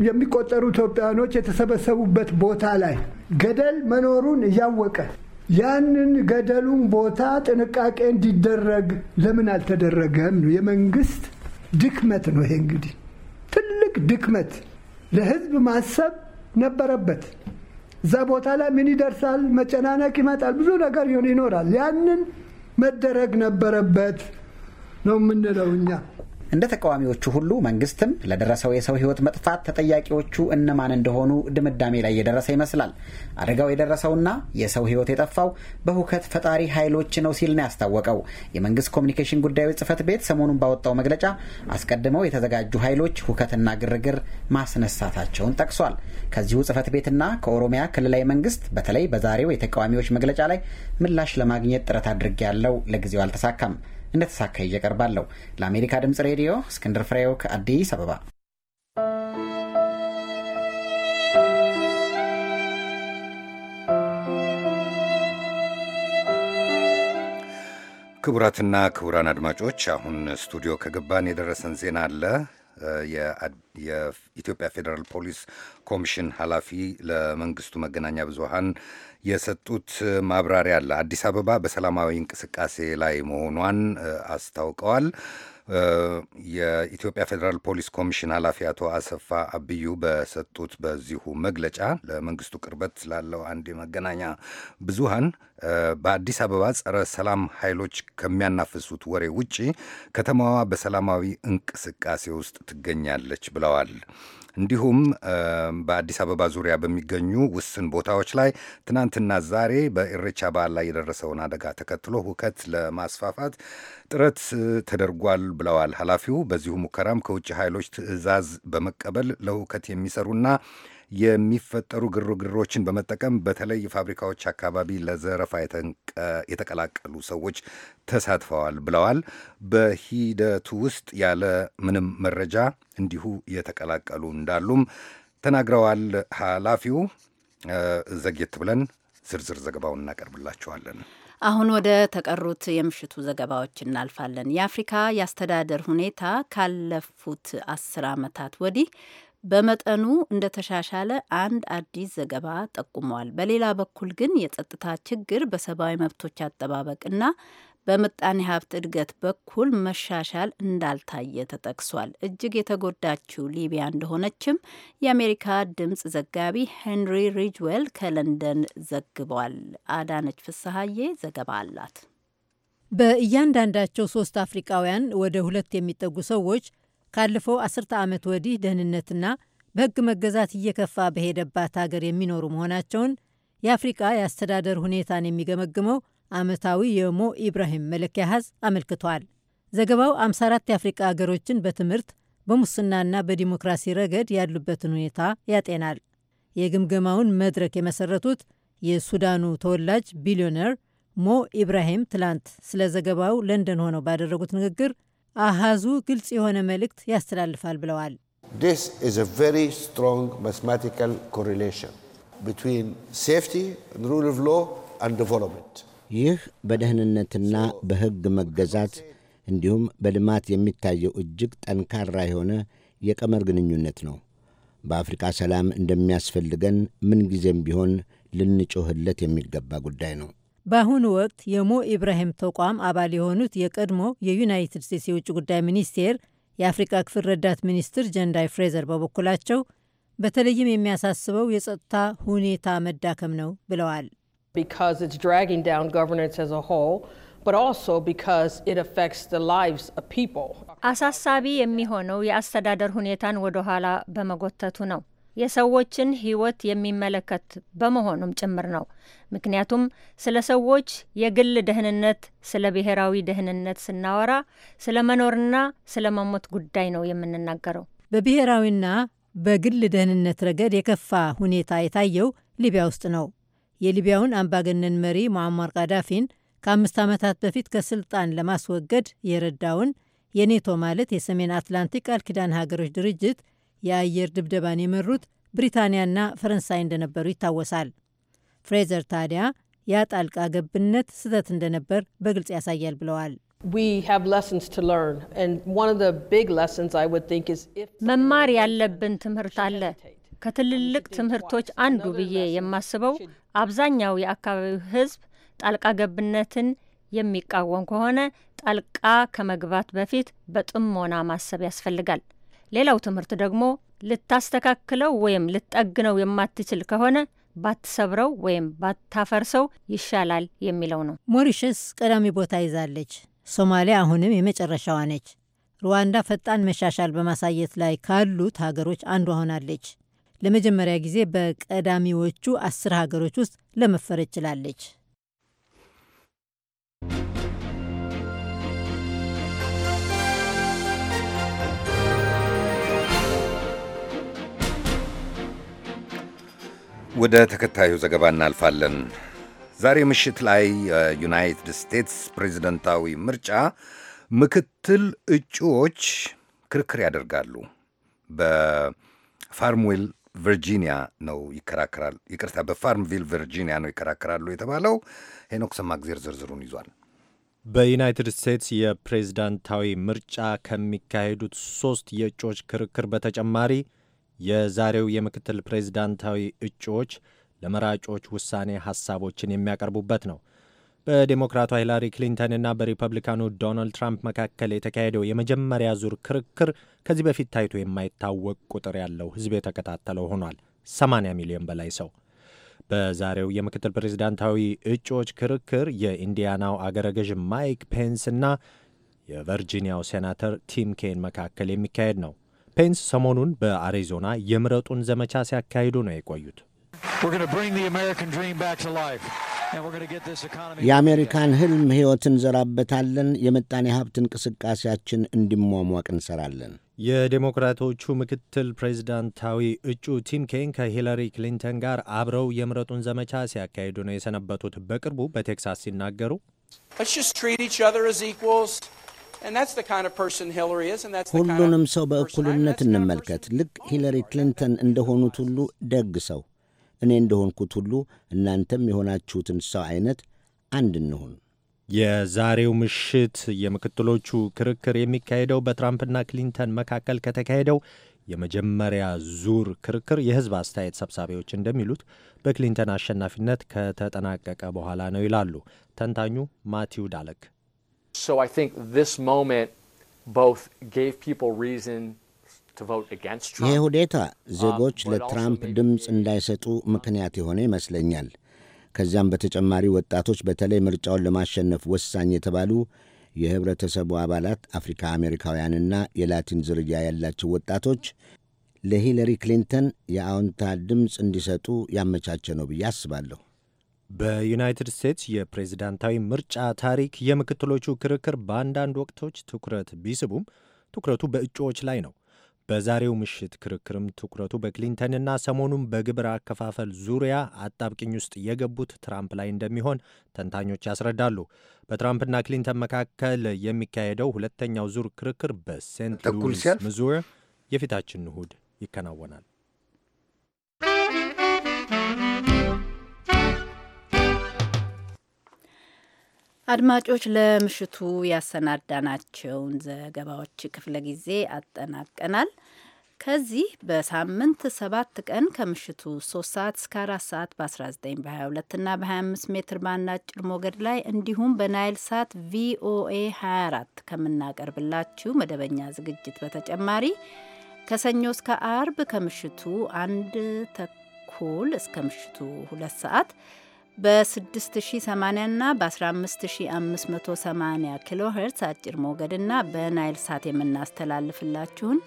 የሚቆጠሩ ኢትዮጵያኖች የተሰበሰቡበት ቦታ ላይ ገደል መኖሩን እያወቀ ያንን ገደሉን ቦታ ጥንቃቄ እንዲደረግ ለምን አልተደረገም ነው የመንግስት ድክመት ነው ይሄ እንግዲህ ትልቅ ድክመት ለህዝብ ማሰብ ነበረበት እዛ ቦታ ላይ ምን ይደርሳል መጨናነቅ ይመጣል ብዙ ነገር ይኖራል ያንን መደረግ ነበረበት ነው የምንለው እኛ እንደ ተቃዋሚዎቹ ሁሉ መንግስትም ለደረሰው የሰው ህይወት መጥፋት ተጠያቂዎቹ እነማን እንደሆኑ ድምዳሜ ላይ የደረሰ ይመስላል። አደጋው የደረሰውና የሰው ህይወት የጠፋው በሁከት ፈጣሪ ኃይሎች ነው ሲል ነው ያስታወቀው። የመንግስት ኮሚኒኬሽን ጉዳዮች ጽህፈት ቤት ሰሞኑን ባወጣው መግለጫ አስቀድመው የተዘጋጁ ኃይሎች ሁከትና ግርግር ማስነሳታቸውን ጠቅሷል። ከዚሁ ጽህፈት ቤትና ከኦሮሚያ ክልላዊ መንግስት በተለይ በዛሬው የተቃዋሚዎች መግለጫ ላይ ምላሽ ለማግኘት ጥረት አድርጌ ያለው ለጊዜው አልተሳካም። እንደተሳካ እየቀርባለሁ። ለአሜሪካ ድምፅ ሬዲዮ እስክንድር ፍሬው ከአዲስ አበባ። ክቡራትና ክቡራን አድማጮች አሁን ስቱዲዮ ከገባን የደረሰን ዜና አለ። የኢትዮጵያ ፌዴራል ፖሊስ ኮሚሽን ኃላፊ ለመንግስቱ መገናኛ ብዙሃን የሰጡት ማብራሪያ አለ። አዲስ አበባ በሰላማዊ እንቅስቃሴ ላይ መሆኗን አስታውቀዋል። የኢትዮጵያ ፌዴራል ፖሊስ ኮሚሽን ኃላፊ አቶ አሰፋ አብዩ በሰጡት በዚሁ መግለጫ ለመንግስቱ ቅርበት ላለው አንድ የመገናኛ ብዙሃን በአዲስ አበባ ጸረ ሰላም ኃይሎች ከሚያናፍሱት ወሬ ውጪ ከተማዋ በሰላማዊ እንቅስቃሴ ውስጥ ትገኛለች ብለዋል። እንዲሁም በአዲስ አበባ ዙሪያ በሚገኙ ውስን ቦታዎች ላይ ትናንትና ዛሬ በኢሬቻ በዓል ላይ የደረሰውን አደጋ ተከትሎ ሁከት ለማስፋፋት ጥረት ተደርጓል ብለዋል ኃላፊው። በዚሁ ሙከራም ከውጭ ኃይሎች ትዕዛዝ በመቀበል ለሁከት የሚሰሩና የሚፈጠሩ ግርግሮችን በመጠቀም በተለይ ፋብሪካዎች አካባቢ ለዘረፋ የተቀላቀሉ ሰዎች ተሳትፈዋል ብለዋል። በሂደቱ ውስጥ ያለ ምንም መረጃ እንዲሁ የተቀላቀሉ እንዳሉም ተናግረዋል ኃላፊው። ዘግየት ብለን ዝርዝር ዘገባውን እናቀርብላችኋለን። አሁን ወደ ተቀሩት የምሽቱ ዘገባዎች እናልፋለን። የአፍሪካ የአስተዳደር ሁኔታ ካለፉት አስር ዓመታት ወዲህ በመጠኑ እንደተሻሻለ አንድ አዲስ ዘገባ ጠቁሟል። በሌላ በኩል ግን የጸጥታ ችግር በሰብአዊ መብቶች አጠባበቅና በምጣኔ ሀብት እድገት በኩል መሻሻል እንዳልታየ ተጠቅሷል። እጅግ የተጎዳችው ሊቢያ እንደሆነችም የአሜሪካ ድምፅ ዘጋቢ ሄንሪ ሪጅዌል ከለንደን ዘግቧል። አዳነች ፍስሐዬ ዘገባ አላት። በእያንዳንዳቸው ሶስት አፍሪቃውያን ወደ ሁለት የሚጠጉ ሰዎች ካለፈው አስርተ ዓመት ወዲህ ደህንነትና በሕግ መገዛት እየከፋ በሄደባት ሀገር የሚኖሩ መሆናቸውን የአፍሪቃ የአስተዳደር ሁኔታን የሚገመግመው ዓመታዊ የሞ ኢብራሂም መለኪያ አሃዝ አመልክቷል። ዘገባው 54 የአፍሪቃ አገሮችን በትምህርት በሙስናና በዲሞክራሲ ረገድ ያሉበትን ሁኔታ ያጤናል። የግምገማውን መድረክ የመሰረቱት የሱዳኑ ተወላጅ ቢሊዮነር ሞ ኢብራሂም ትላንት ስለ ዘገባው ለንደን ሆነው ባደረጉት ንግግር አሃዙ ግልጽ የሆነ መልእክት ያስተላልፋል ብለዋል። ይህ በደህንነትና በሕግ መገዛት እንዲሁም በልማት የሚታየው እጅግ ጠንካራ የሆነ የቀመር ግንኙነት ነው። በአፍሪካ ሰላም እንደሚያስፈልገን ምንጊዜም ቢሆን ልንጮህለት የሚገባ ጉዳይ ነው። በአሁኑ ወቅት የሞ ኢብራሂም ተቋም አባል የሆኑት የቀድሞ የዩናይትድ ስቴትስ የውጭ ጉዳይ ሚኒስቴር የአፍሪካ ክፍል ረዳት ሚኒስትር ጀንዳይ ፍሬዘር በበኩላቸው በተለይም የሚያሳስበው የጸጥታ ሁኔታ መዳከም ነው ብለዋል። አሳሳቢ የሚሆነው የአስተዳደር ሁኔታን ወደ ኋላ በመጎተቱ ነው። የሰዎችን ሕይወት የሚመለከት በመሆኑም ጭምር ነው። ምክንያቱም ስለ ሰዎች የግል ደህንነት፣ ስለ ብሔራዊ ደህንነት ስናወራ ስለ መኖርና ስለ መሞት ጉዳይ ነው የምንናገረው። በብሔራዊና በግል ደህንነት ረገድ የከፋ ሁኔታ የታየው ሊቢያ ውስጥ ነው። የሊቢያውን አምባገነን መሪ ሙአማር ቃዳፊን ከአምስት ዓመታት በፊት ከስልጣን ለማስወገድ የረዳውን የኔቶ ማለት የሰሜን አትላንቲክ ቃል ኪዳን ሀገሮች ድርጅት የአየር ድብደባን የመሩት ብሪታንያና ፈረንሳይ እንደነበሩ ይታወሳል። ፍሬዘር ታዲያ ያ ጣልቃ ገብነት ስህተት እንደነበር በግልጽ ያሳያል ብለዋል። መማር ያለብን ትምህርት አለ። ከትልልቅ ትምህርቶች አንዱ ብዬ የማስበው አብዛኛው የአካባቢው ሕዝብ ጣልቃ ገብነትን የሚቃወም ከሆነ ጣልቃ ከመግባት በፊት በጥሞና ማሰብ ያስፈልጋል። ሌላው ትምህርት ደግሞ ልታስተካክለው ወይም ልትጠግነው የማትችል ከሆነ ባትሰብረው ወይም ባታፈርሰው ይሻላል የሚለው ነው። ሞሪሸስ ቀዳሚ ቦታ ይዛለች። ሶማሊያ አሁንም የመጨረሻዋ ነች። ሩዋንዳ ፈጣን መሻሻል በማሳየት ላይ ካሉት ሀገሮች አንዷ ሆናለች። ለመጀመሪያ ጊዜ በቀዳሚዎቹ አስር ሀገሮች ውስጥ ለመፈረጅ ችላለች። ወደ ተከታዩ ዘገባ እናልፋለን። ዛሬ ምሽት ላይ የዩናይትድ ስቴትስ ፕሬዚደንታዊ ምርጫ ምክትል እጩዎች ክርክር ያደርጋሉ። በፋርምዌል ቨርጂኒያ ነው ይከራከራል። ይቅርታ፣ በፋርምቪል ቨርጂኒያ ነው ይከራከራሉ የተባለው። ሄኖክ ሰማግዜር ዝርዝሩን ይዟል። በዩናይትድ ስቴትስ የፕሬዝዳንታዊ ምርጫ ከሚካሄዱት ሶስት የእጩዎች ክርክር በተጨማሪ የዛሬው የምክትል ፕሬዚዳንታዊ እጩዎች ለመራጮች ውሳኔ ሐሳቦችን የሚያቀርቡበት ነው። በዴሞክራቷ ሂላሪ ክሊንተን እና በሪፐብሊካኑ ዶናልድ ትራምፕ መካከል የተካሄደው የመጀመሪያ ዙር ክርክር ከዚህ በፊት ታይቶ የማይታወቅ ቁጥር ያለው ሕዝብ የተከታተለው ሆኗል። 80 ሚሊዮን በላይ ሰው በዛሬው የምክትል ፕሬዚዳንታዊ እጩዎች ክርክር የኢንዲያናው አገረ ገዥ ማይክ ፔንስ እና የቨርጂኒያው ሴናተር ቲም ኬን መካከል የሚካሄድ ነው። ፔንስ ሰሞኑን በአሪዞና የምረጡን ዘመቻ ሲያካሂዱ ነው የቆዩት። የአሜሪካን ህልም ሕይወት እንዘራበታለን። የምጣኔ ሀብት እንቅስቃሴያችን እንዲሟሟቅ እንሰራለን። የዴሞክራቶቹ ምክትል ፕሬዚዳንታዊ እጩ ቲም ኬን ከሂለሪ ክሊንተን ጋር አብረው የምረጡን ዘመቻ ሲያካሂዱ ነው የሰነበቱት። በቅርቡ በቴክሳስ ሲናገሩ ሁሉንም ሰው በእኩልነት እንመልከት። ልክ ሂለሪ ክሊንተን እንደሆኑት ሁሉ ደግ ሰው፣ እኔ እንደሆንኩት ሁሉ እናንተም የሆናችሁትን ሰው አይነት አንድ እንሁን። የዛሬው ምሽት የምክትሎቹ ክርክር የሚካሄደው በትራምፕና ክሊንተን መካከል ከተካሄደው የመጀመሪያ ዙር ክርክር የሕዝብ አስተያየት ሰብሳቢዎች እንደሚሉት በክሊንተን አሸናፊነት ከተጠናቀቀ በኋላ ነው ይላሉ ተንታኙ ማቲው ዳለክ። So I think this moment both gave people reason ይህ ሁኔታ ዜጎች um, ለትራምፕ ድምፅ እንዳይሰጡ ምክንያት የሆነ ይመስለኛል። ከዚያም በተጨማሪ ወጣቶች በተለይ ምርጫውን ለማሸነፍ ወሳኝ የተባሉ የህብረተሰቡ አባላት አፍሪካ አሜሪካውያንና የላቲን ዝርያ ያላቸው ወጣቶች ለሂለሪ ክሊንተን የአዎንታ ድምፅ እንዲሰጡ ያመቻቸ ነው ብዬ አስባለሁ። በዩናይትድ ስቴትስ የፕሬዝዳንታዊ ምርጫ ታሪክ የምክትሎቹ ክርክር በአንዳንድ ወቅቶች ትኩረት ቢስቡም ትኩረቱ በእጩዎች ላይ ነው። በዛሬው ምሽት ክርክርም ትኩረቱ በክሊንተንና ሰሞኑን በግብር አከፋፈል ዙሪያ አጣብቅኝ ውስጥ የገቡት ትራምፕ ላይ እንደሚሆን ተንታኞች ያስረዳሉ። በትራምፕና ክሊንተን መካከል የሚካሄደው ሁለተኛው ዙር ክርክር በሴንት ሉዊስ ሚዙሪ የፊታችን እሁድ ይከናወናል። አድማጮች ለምሽቱ ያሰናዳናቸውን ዘገባዎች ክፍለ ጊዜ አጠናቀናል። ከዚህ በሳምንት ሰባት ቀን ከምሽቱ 3 ሰዓት እስከ 4 ሰዓት በ19 በ22 እና በ25 ሜትር ባንድ አጭር ሞገድ ላይ እንዲሁም በናይል ሳት ቪኦኤ 24 ከምናቀርብላችሁ መደበኛ ዝግጅት በተጨማሪ ከሰኞ እስከ አርብ ከምሽቱ አንድ ተኩል እስከ ምሽቱ ሁለት ሰዓት በ6080 እና በ15580 ኪሎ ሄርትስ አጭር ሞገድና በናይል ሳት የምናስተላልፍላችሁን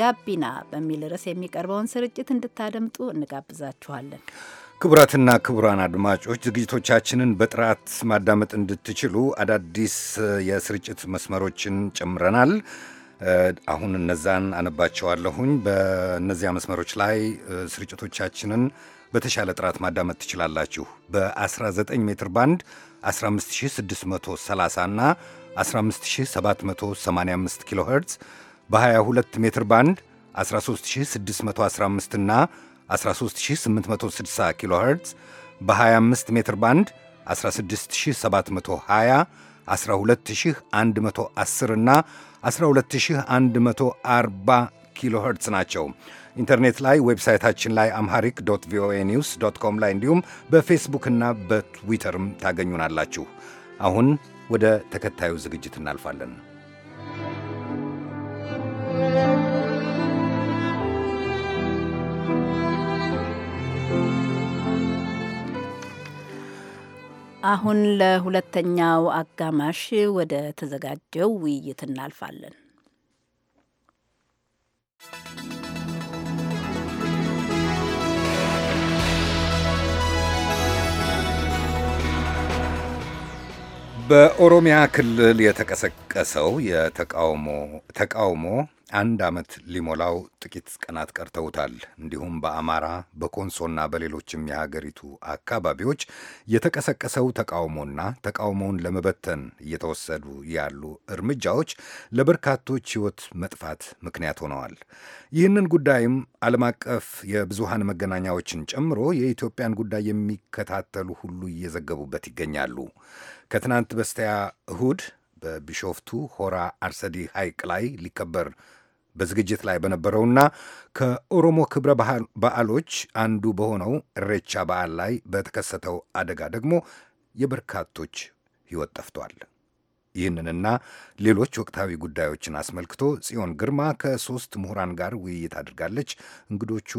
ጋቢና በሚል ርዕስ የሚቀርበውን ስርጭት እንድታደምጡ እንጋብዛችኋለን። ክቡራትና ክቡራን አድማጮች ዝግጅቶቻችንን በጥራት ማዳመጥ እንድትችሉ አዳዲስ የስርጭት መስመሮችን ጨምረናል። አሁን እነዛን አነባቸዋለሁኝ። በእነዚያ መስመሮች ላይ ስርጭቶቻችንን በተሻለ ጥራት ማዳመጥ ትችላላችሁ። በ19 ሜትር ባንድ 15630 እና 15785 ኪሎ ኸርትዝ በ22 ሜትር ባንድ 13615 እና 13860 ኪሎ ኸርትዝ በ25 ሜትር ባንድ 16720 12110 እና 12140 ኪሎ ኸርትዝ ናቸው። ኢንተርኔት ላይ ዌብሳይታችን ላይ አምሃሪክ ዶት ቪኦኤ ኒውስ ዶት ኮም ላይ እንዲሁም በፌስቡክና በትዊተርም ታገኙናላችሁ። አሁን ወደ ተከታዩ ዝግጅት እናልፋለን። አሁን ለሁለተኛው አጋማሽ ወደ ተዘጋጀው ውይይት እናልፋለን። በኦሮሚያ ክልል የተቀሰቀሰው የተቃውሞ አንድ ዓመት ሊሞላው ጥቂት ቀናት ቀርተውታል። እንዲሁም በአማራ በኮንሶና በሌሎችም የሀገሪቱ አካባቢዎች የተቀሰቀሰው ተቃውሞና ተቃውሞውን ለመበተን እየተወሰዱ ያሉ እርምጃዎች ለበርካቶች ሕይወት መጥፋት ምክንያት ሆነዋል። ይህንን ጉዳይም ዓለም አቀፍ የብዙሃን መገናኛዎችን ጨምሮ የኢትዮጵያን ጉዳይ የሚከታተሉ ሁሉ እየዘገቡበት ይገኛሉ። ከትናንት በስቲያ እሁድ በቢሾፍቱ ሆራ አርሰዲ ሐይቅ ላይ ሊከበር በዝግጅት ላይ በነበረውና ከኦሮሞ ክብረ በዓሎች አንዱ በሆነው እሬቻ በዓል ላይ በተከሰተው አደጋ ደግሞ የበርካቶች ሕይወት ጠፍቷል። ይህንንና ሌሎች ወቅታዊ ጉዳዮችን አስመልክቶ ጽዮን ግርማ ከሦስት ምሁራን ጋር ውይይት አድርጋለች። እንግዶቹ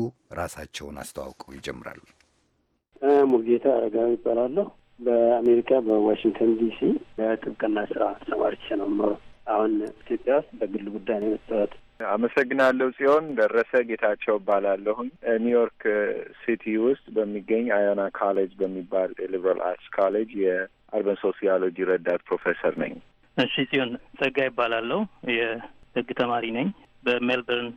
ራሳቸውን አስተዋውቀው ይጀምራሉ። ሙልጌታ አረጋዊ ይባላለሁ። በአሜሪካ በዋሽንግተን ዲሲ በጥብቅና ስራ ተሰማርቼ ነው የምኖረው። አሁን ኢትዮጵያ ውስጥ በግል ጉዳይ ነው የመጣሁት። አመሰግናለሁ። ጽዮን ደረሰ ጌታቸው እባላለሁኝ። ኒውዮርክ ሲቲ ውስጥ በሚገኝ አዮና ካሌጅ በሚባል ሊበራል አርትስ ካሌጅ የአርበን ሶሲዮሎጂ ረዳት ፕሮፌሰር ነኝ። እሺ ጽዮን ጸጋ ይባላለሁ። የህግ ተማሪ ነኝ። በሜልበርን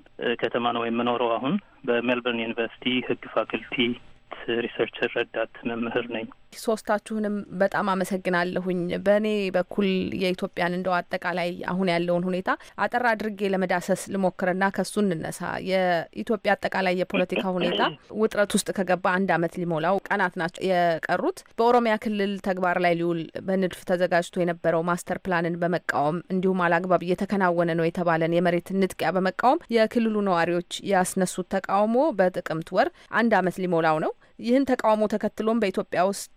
ከተማ ነው የምኖረው። አሁን በሜልበርን ዩኒቨርሲቲ ህግ ፋክልቲ ሪሰርቸር ረዳት መምህር ነኝ። ሶስታችሁንም በጣም አመሰግናለሁኝ። በእኔ በኩል የኢትዮጵያን እንደው አጠቃላይ አሁን ያለውን ሁኔታ አጠር አድርጌ ለመዳሰስ ልሞክርና ከሱ እንነሳ። የኢትዮጵያ አጠቃላይ የፖለቲካ ሁኔታ ውጥረት ውስጥ ከገባ አንድ አመት ሊሞላው ቀናት ናቸው የቀሩት። በኦሮሚያ ክልል ተግባር ላይ ሊውል በንድፍ ተዘጋጅቶ የነበረው ማስተር ፕላንን በመቃወም እንዲሁም አላግባብ እየተከናወነ ነው የተባለን የመሬት ንጥቂያ በመቃወም የክልሉ ነዋሪዎች ያስነሱት ተቃውሞ በጥቅምት ወር አንድ አመት ሊሞላው ነው። ይህን ተቃውሞ ተከትሎም በኢትዮጵያ ውስጥ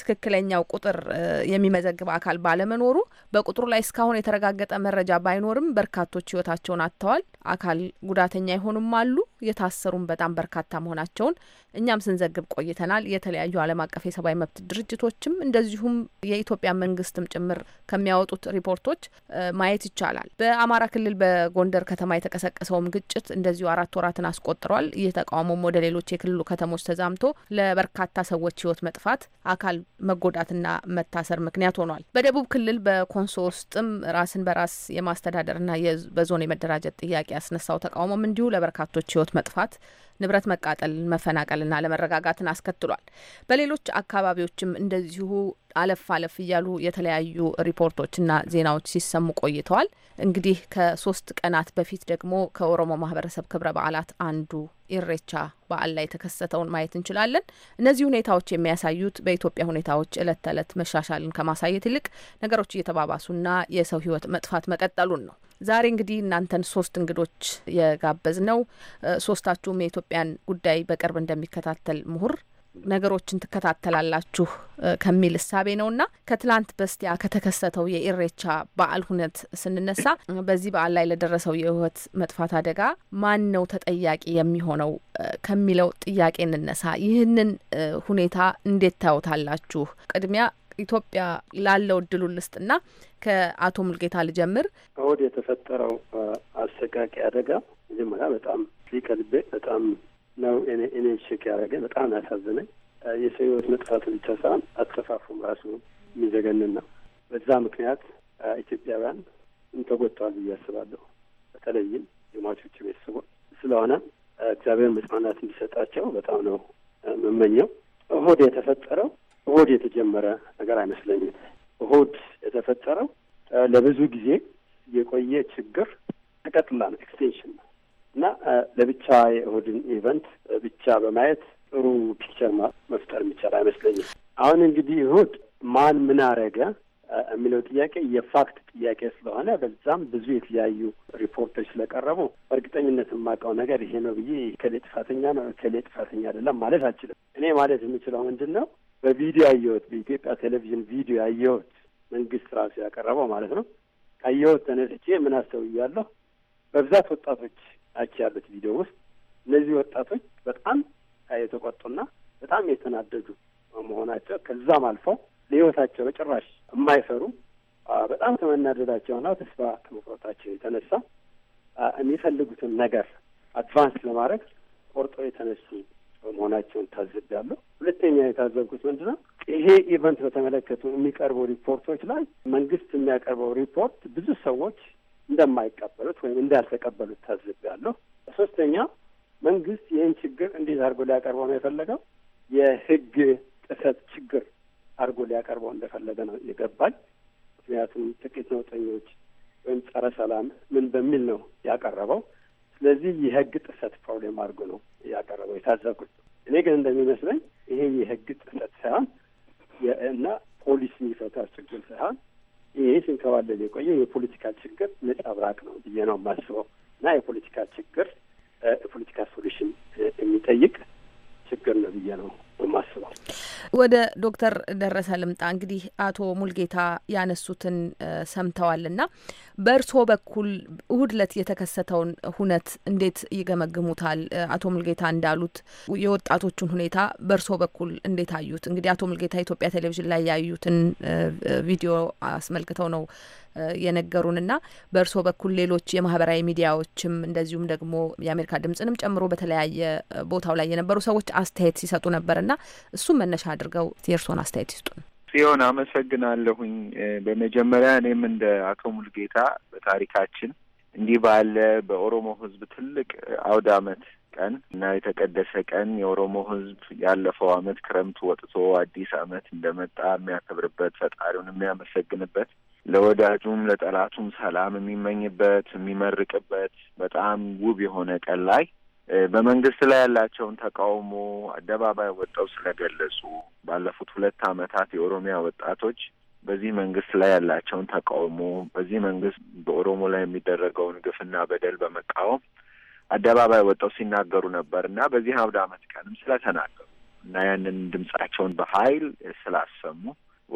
ትክክለኛው ቁጥር የሚመዘግብ አካል ባለመኖሩ በቁጥሩ ላይ እስካሁን የተረጋገጠ መረጃ ባይኖርም በርካቶች ህይወታቸውን አጥተዋል። አካል ጉዳተኛ የሆኑም አሉ። የታሰሩም በጣም በርካታ መሆናቸውን እኛም ስንዘግብ ቆይተናል። የተለያዩ ዓለም አቀፍ የሰብአዊ መብት ድርጅቶችም እንደዚሁም የኢትዮጵያ መንግስትም ጭምር ከሚያወጡት ሪፖርቶች ማየት ይቻላል። በአማራ ክልል በጎንደር ከተማ የተቀሰቀሰውም ግጭት እንደዚሁ አራት ወራትን አስቆጥሯል። ይህ ተቃውሞም ወደ ሌሎች የክልሉ ከተሞች ተዛምቶ ለበርካታ ሰዎች ህይወት መጥፋት አካል መጎዳትና መታሰር ምክንያት ሆኗል። በደቡብ ክልል በኮንሶ ውስጥም ራስን በራስ የማስተዳደርና በዞን የመደራጀት ጥያቄ ያስነሳው ተቃውሞም እንዲሁ ለበርካቶች ህይወት መጥፋት ንብረት መቃጠልን፣ መፈናቀልና አለመረጋጋትን አስከትሏል። በሌሎች አካባቢዎችም እንደዚሁ አለፍ አለፍ እያሉ የተለያዩ ሪፖርቶችና ዜናዎች ሲሰሙ ቆይተዋል። እንግዲህ ከሶስት ቀናት በፊት ደግሞ ከኦሮሞ ማህበረሰብ ክብረ በዓላት አንዱ ኢሬቻ በዓል ላይ የተከሰተውን ማየት እንችላለን። እነዚህ ሁኔታዎች የሚያሳዩት በኢትዮጵያ ሁኔታዎች እለት ተዕለት መሻሻልን ከማሳየት ይልቅ ነገሮች እየተባባሱና የሰው ህይወት መጥፋት መቀጠሉን ነው። ዛሬ እንግዲህ እናንተን ሶስት እንግዶች የጋበዝ ነው። ሶስታችሁም የኢትዮጵያን ጉዳይ በቅርብ እንደሚከታተል ምሁር ነገሮችን ትከታተላላችሁ ከሚል እሳቤ ነውና ከትላንት በስቲያ ከተከሰተው የኢሬቻ በዓል ሁነት ስንነሳ በዚህ በዓል ላይ ለደረሰው የህይወት መጥፋት አደጋ ማን ነው ተጠያቂ የሚሆነው ከሚለው ጥያቄ እንነሳ። ይህንን ሁኔታ እንዴት ታዩታላችሁ? ቅድሚያ ኢትዮጵያ ላለው እድሉን ልስጥና ከአቶ ሙልጌታ ልጀምር። እሁድ የተፈጠረው አሰቃቂ አደጋ መጀመሪያ በጣም ሊቀልቤ በጣም ነው እኔ ሽክ ያደረገ በጣም ያሳዝነኝ የሰው ህይወት መጥፋት ብቻ ሳይሆን አጠፋፉም ራሱ የሚዘገንን ነው። በዛ ምክንያት ኢትዮጵያውያን እንተጎጥተዋል ብዬ አስባለሁ። በተለይም የሟቾቹ ቤተሰቦች ስለሆነ እግዚአብሔር መጽናናት እንዲሰጣቸው በጣም ነው መመኘው። እሁድ የተፈጠረው እሁድ የተጀመረ ነገር አይመስለኝም። እሁድ የተፈጠረው ለብዙ ጊዜ የቆየ ችግር ተቀጥላ ነው፣ ኤክስቴንሽን ነው እና ለብቻ የእሁድን ኢቨንት ብቻ በማየት ጥሩ ፒክቸር መፍጠር የሚቻል አይመስለኝም። አሁን እንግዲህ እሁድ ማን ምን አረገ የሚለው ጥያቄ የፋክት ጥያቄ ስለሆነ በዛም ብዙ የተለያዩ ሪፖርቶች ስለቀረቡ በእርግጠኝነት የማውቀው ነገር ይሄ ነው ብዬ ከሌ ጥፋተኛ ነው ከሌ ጥፋተኛ አይደለም ማለት አልችልም። እኔ ማለት የምችለው ምንድን ነው በቪዲዮ ያየሁት በኢትዮጵያ ቴሌቪዥን ቪዲዮ ያየሁት መንግስት ራሱ ያቀረበው ማለት ነው። ካየሁት ተነስቼ ምን አስተውያለሁ? በብዛት ወጣቶች ናቸው ያሉት ቪዲዮ ውስጥ። እነዚህ ወጣቶች በጣም የተቆጡና በጣም የተናደዱ መሆናቸው ከዛም አልፈው ለህይወታቸው በጭራሽ የማይፈሩ በጣም ከመናደዳቸውና ተስፋ ከመቁረጣቸው የተነሳ የሚፈልጉትን ነገር አድቫንስ ለማድረግ ቆርጦ የተነሱ መሆናቸውን ታዝቤያለሁ። ሁለተኛ የታዘብኩት ምንድን ነው ይሄ ኢቨንት በተመለከቱ የሚቀርቡ ሪፖርቶች ላይ መንግስት የሚያቀርበው ሪፖርት ብዙ ሰዎች እንደማይቀበሉት ወይም እንዳልተቀበሉት ታዝቤያለሁ። ሶስተኛ መንግስት ይህን ችግር እንዴት አድርጎ ሊያቀርበው ነው የፈለገው? የህግ ጥሰት ችግር አድርጎ ሊያቀርበው እንደፈለገ ነው የገባኝ። ምክንያቱም ጥቂት ነውጠኞች ወይም ጸረ ሰላም ምን በሚል ነው ያቀረበው። ስለዚህ የህግ ጥሰት ፕሮብሌም አድርጎ ነው ያቀረበው የታዘብኩት። እኔ ግን እንደሚመስለኝ ይሄ የህግ ጥሰት ሳይሆን እና ፖሊስ የሚፈታ ችግር ሳይሆን ይሄ ሲንከባለል የቆየ የፖለቲካ ችግር ነጸብራቅ ነው ብዬ ነው የማስበው እና የፖለቲካ ችግር የፖለቲካ ሶሉሽን የሚጠይቅ ችግር ነው ብዬ ነው የማስበው። ወደ ዶክተር ደረሰ ልምጣ። እንግዲህ አቶ ሙልጌታ ያነሱትን ሰምተዋል እና በእርሶ በኩል እሁድ ዕለት የተከሰተውን ሁነት እንዴት ይገመግሙታል? አቶ ሙልጌታ እንዳሉት የወጣቶቹን ሁኔታ በእርሶ በኩል እንዴት አዩት? እንግዲህ አቶ ሙልጌታ ኢትዮጵያ ቴሌቪዥን ላይ ያዩትን ቪዲዮ አስመልክተው ነው የነገሩንና በእርሶ በኩል ሌሎች የማህበራዊ ሚዲያዎችም እንደዚሁም ደግሞ የአሜሪካ ድምጽንም ጨምሮ በተለያየ ቦታው ላይ የነበሩ ሰዎች አስተያየት ሲሰጡ ነበርና እሱም መነሻ አድርገው የእርስዎን አስተያየት ይስጡን። ጽዮን አመሰግናለሁኝ። በመጀመሪያ እኔም እንደ አቶ ሙልጌታ በታሪካችን እንዲህ ባለ በኦሮሞ ህዝብ ትልቅ አውደ ዓመት ቀን እና የተቀደሰ ቀን የኦሮሞ ህዝብ ያለፈው አመት ክረምት ወጥቶ አዲስ አመት እንደመጣ የሚያከብርበት ፈጣሪውን የሚያመሰግንበት ለወዳጁም ለጠላቱም ሰላም የሚመኝበት የሚመርቅበት በጣም ውብ የሆነ ቀን ላይ በመንግስት ላይ ያላቸውን ተቃውሞ አደባባይ ወጠው ስለገለጹ ባለፉት ሁለት ዓመታት የኦሮሚያ ወጣቶች በዚህ መንግስት ላይ ያላቸውን ተቃውሞ በዚህ መንግስት በኦሮሞ ላይ የሚደረገውን ግፍና በደል በመቃወም አደባባይ ወጠው ሲናገሩ ነበር እና በዚህ አውደ ዓመት ቀንም ስለተናገሩ እና ያንን ድምጻቸውን በኃይል ስላሰሙ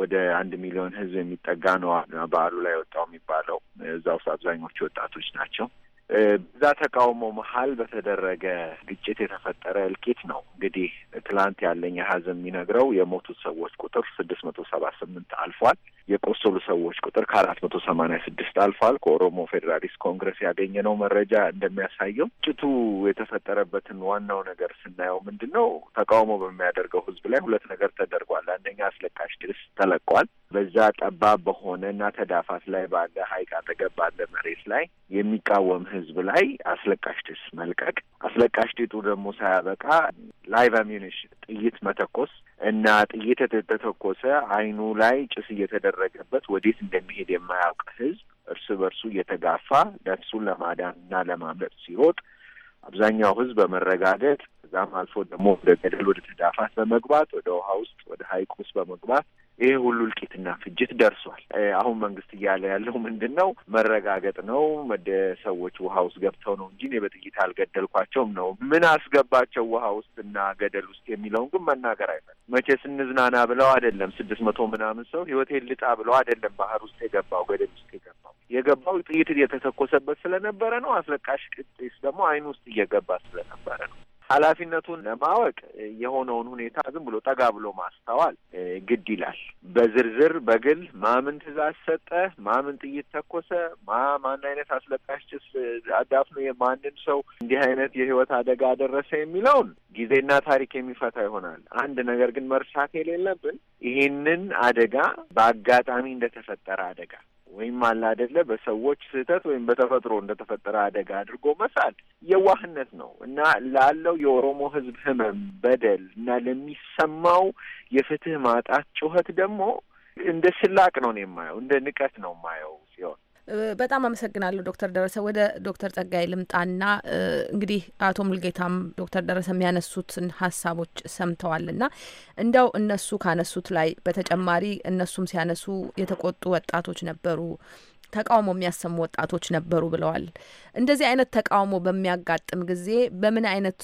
ወደ አንድ ሚሊዮን ህዝብ የሚጠጋ ነው በዓሉ ላይ ወጣው የሚባለው። እዛ ውስጥ አብዛኞቹ ወጣቶች ናቸው። በዛ ተቃውሞ መሀል በተደረገ ግጭት የተፈጠረ እልቂት ነው። እንግዲህ ትላንት ያለኝ አሀዝ የሚነግረው የሞቱት ሰዎች ቁጥር ስድስት መቶ ሰባ ስምንት አልፏል። የቆሰሉ ሰዎች ቁጥር ከአራት መቶ ሰማኒያ ስድስት አልፏል። ከኦሮሞ ፌዴራሊስት ኮንግረስ ያገኘነው መረጃ እንደሚያሳየው ግጭቱ የተፈጠረበትን ዋናው ነገር ስናየው ምንድን ነው? ተቃውሞ በሚያደርገው ህዝብ ላይ ሁለት ነገር ተደርጓል። አንደኛ አስለቃሽ ድረስ ተለቋል። በዛ ጠባብ በሆነ እና ተዳፋት ላይ ባለ ሀይቅ አጠገብ ባለ መሬት ላይ የሚቃወም ህዝብ ላይ አስለቃሽ ጢስ መልቀቅ፣ አስለቃሽ ጢጡ ደግሞ ሳያበቃ ላይቭ አሚኒሽን ጥይት መተኮስ እና ጥይት የተተኮሰ አይኑ ላይ ጭስ እየተደረገበት ወዴት እንደሚሄድ የማያውቅ ህዝብ እርስ በርሱ እየተጋፋ ነፍሱን ለማዳን እና ለማምለጥ ሲሮጥ አብዛኛው ህዝብ በመረጋገጥ ከዛም አልፎ ደግሞ ወደ ገደል ወደ ተዳፋት በመግባት ወደ ውሃ ውስጥ ወደ ሀይቅ ውስጥ በመግባት ይሄ ሁሉ እልቂትና ፍጅት ደርሷል። አሁን መንግስት እያለ ያለው ምንድን ነው? መረጋገጥ ነው። ሰዎች ውሃ ውስጥ ገብተው ነው እንጂ እኔ በጥይት አልገደልኳቸውም ነው። ምን አስገባቸው ውሃ ውስጥ እና ገደል ውስጥ የሚለውን ግን መናገር አይፈል። መቼ ስንዝናና ብለው አይደለም ስድስት መቶ ምናምን ሰው ህይወቴ ልጣ ብለው አይደለም ባህር ውስጥ የገባው ገደል ውስጥ የገባው የገባው ጥይት የተተኮሰበት ስለነበረ ነው። አስለቃሽ ጭስ ደግሞ አይን ውስጥ እየገባ ስለነበረ ነው። ኃላፊነቱን ለማወቅ የሆነውን ሁኔታ ዝም ብሎ ጠጋ ብሎ ማስተዋል ግድ ይላል። በዝርዝር በግል ማምን ትእዛዝ ሰጠ፣ ማምን ጥይት ተኮሰ፣ ማ ማን አይነት አስለቃሽ ጭስ አዳፍኖ የማንን ሰው እንዲህ አይነት የህይወት አደጋ አደረሰ የሚለውን ጊዜና ታሪክ የሚፈታ ይሆናል። አንድ ነገር ግን መርሳት የሌለብን ይህንን አደጋ በአጋጣሚ እንደተፈጠረ አደጋ ወይም አለ አይደለ በሰዎች ስህተት ወይም በተፈጥሮ እንደተፈጠረ አደጋ አድርጎ መሳል የዋህነት ነው እና ላለው የኦሮሞ ህዝብ ህመም፣ በደል እና ለሚሰማው የፍትህ ማጣት ጩኸት ደግሞ እንደ ስላቅ ነው እኔ የማየው፣ እንደ ንቀት ነው የማየው ሲሆን በጣም አመሰግናለሁ ዶክተር ደረሰ። ወደ ዶክተር ጸጋይ ልምጣና እንግዲህ አቶ ሙልጌታም ዶክተር ደረሰ የሚያነሱትን ሀሳቦች ሰምተዋልና እንዲያው እነሱ ካነሱት ላይ በተጨማሪ እነሱም ሲያነሱ የተቆጡ ወጣቶች ነበሩ፣ ተቃውሞ የሚያሰሙ ወጣቶች ነበሩ ብለዋል። እንደዚህ አይነት ተቃውሞ በሚያጋጥም ጊዜ በምን አይነት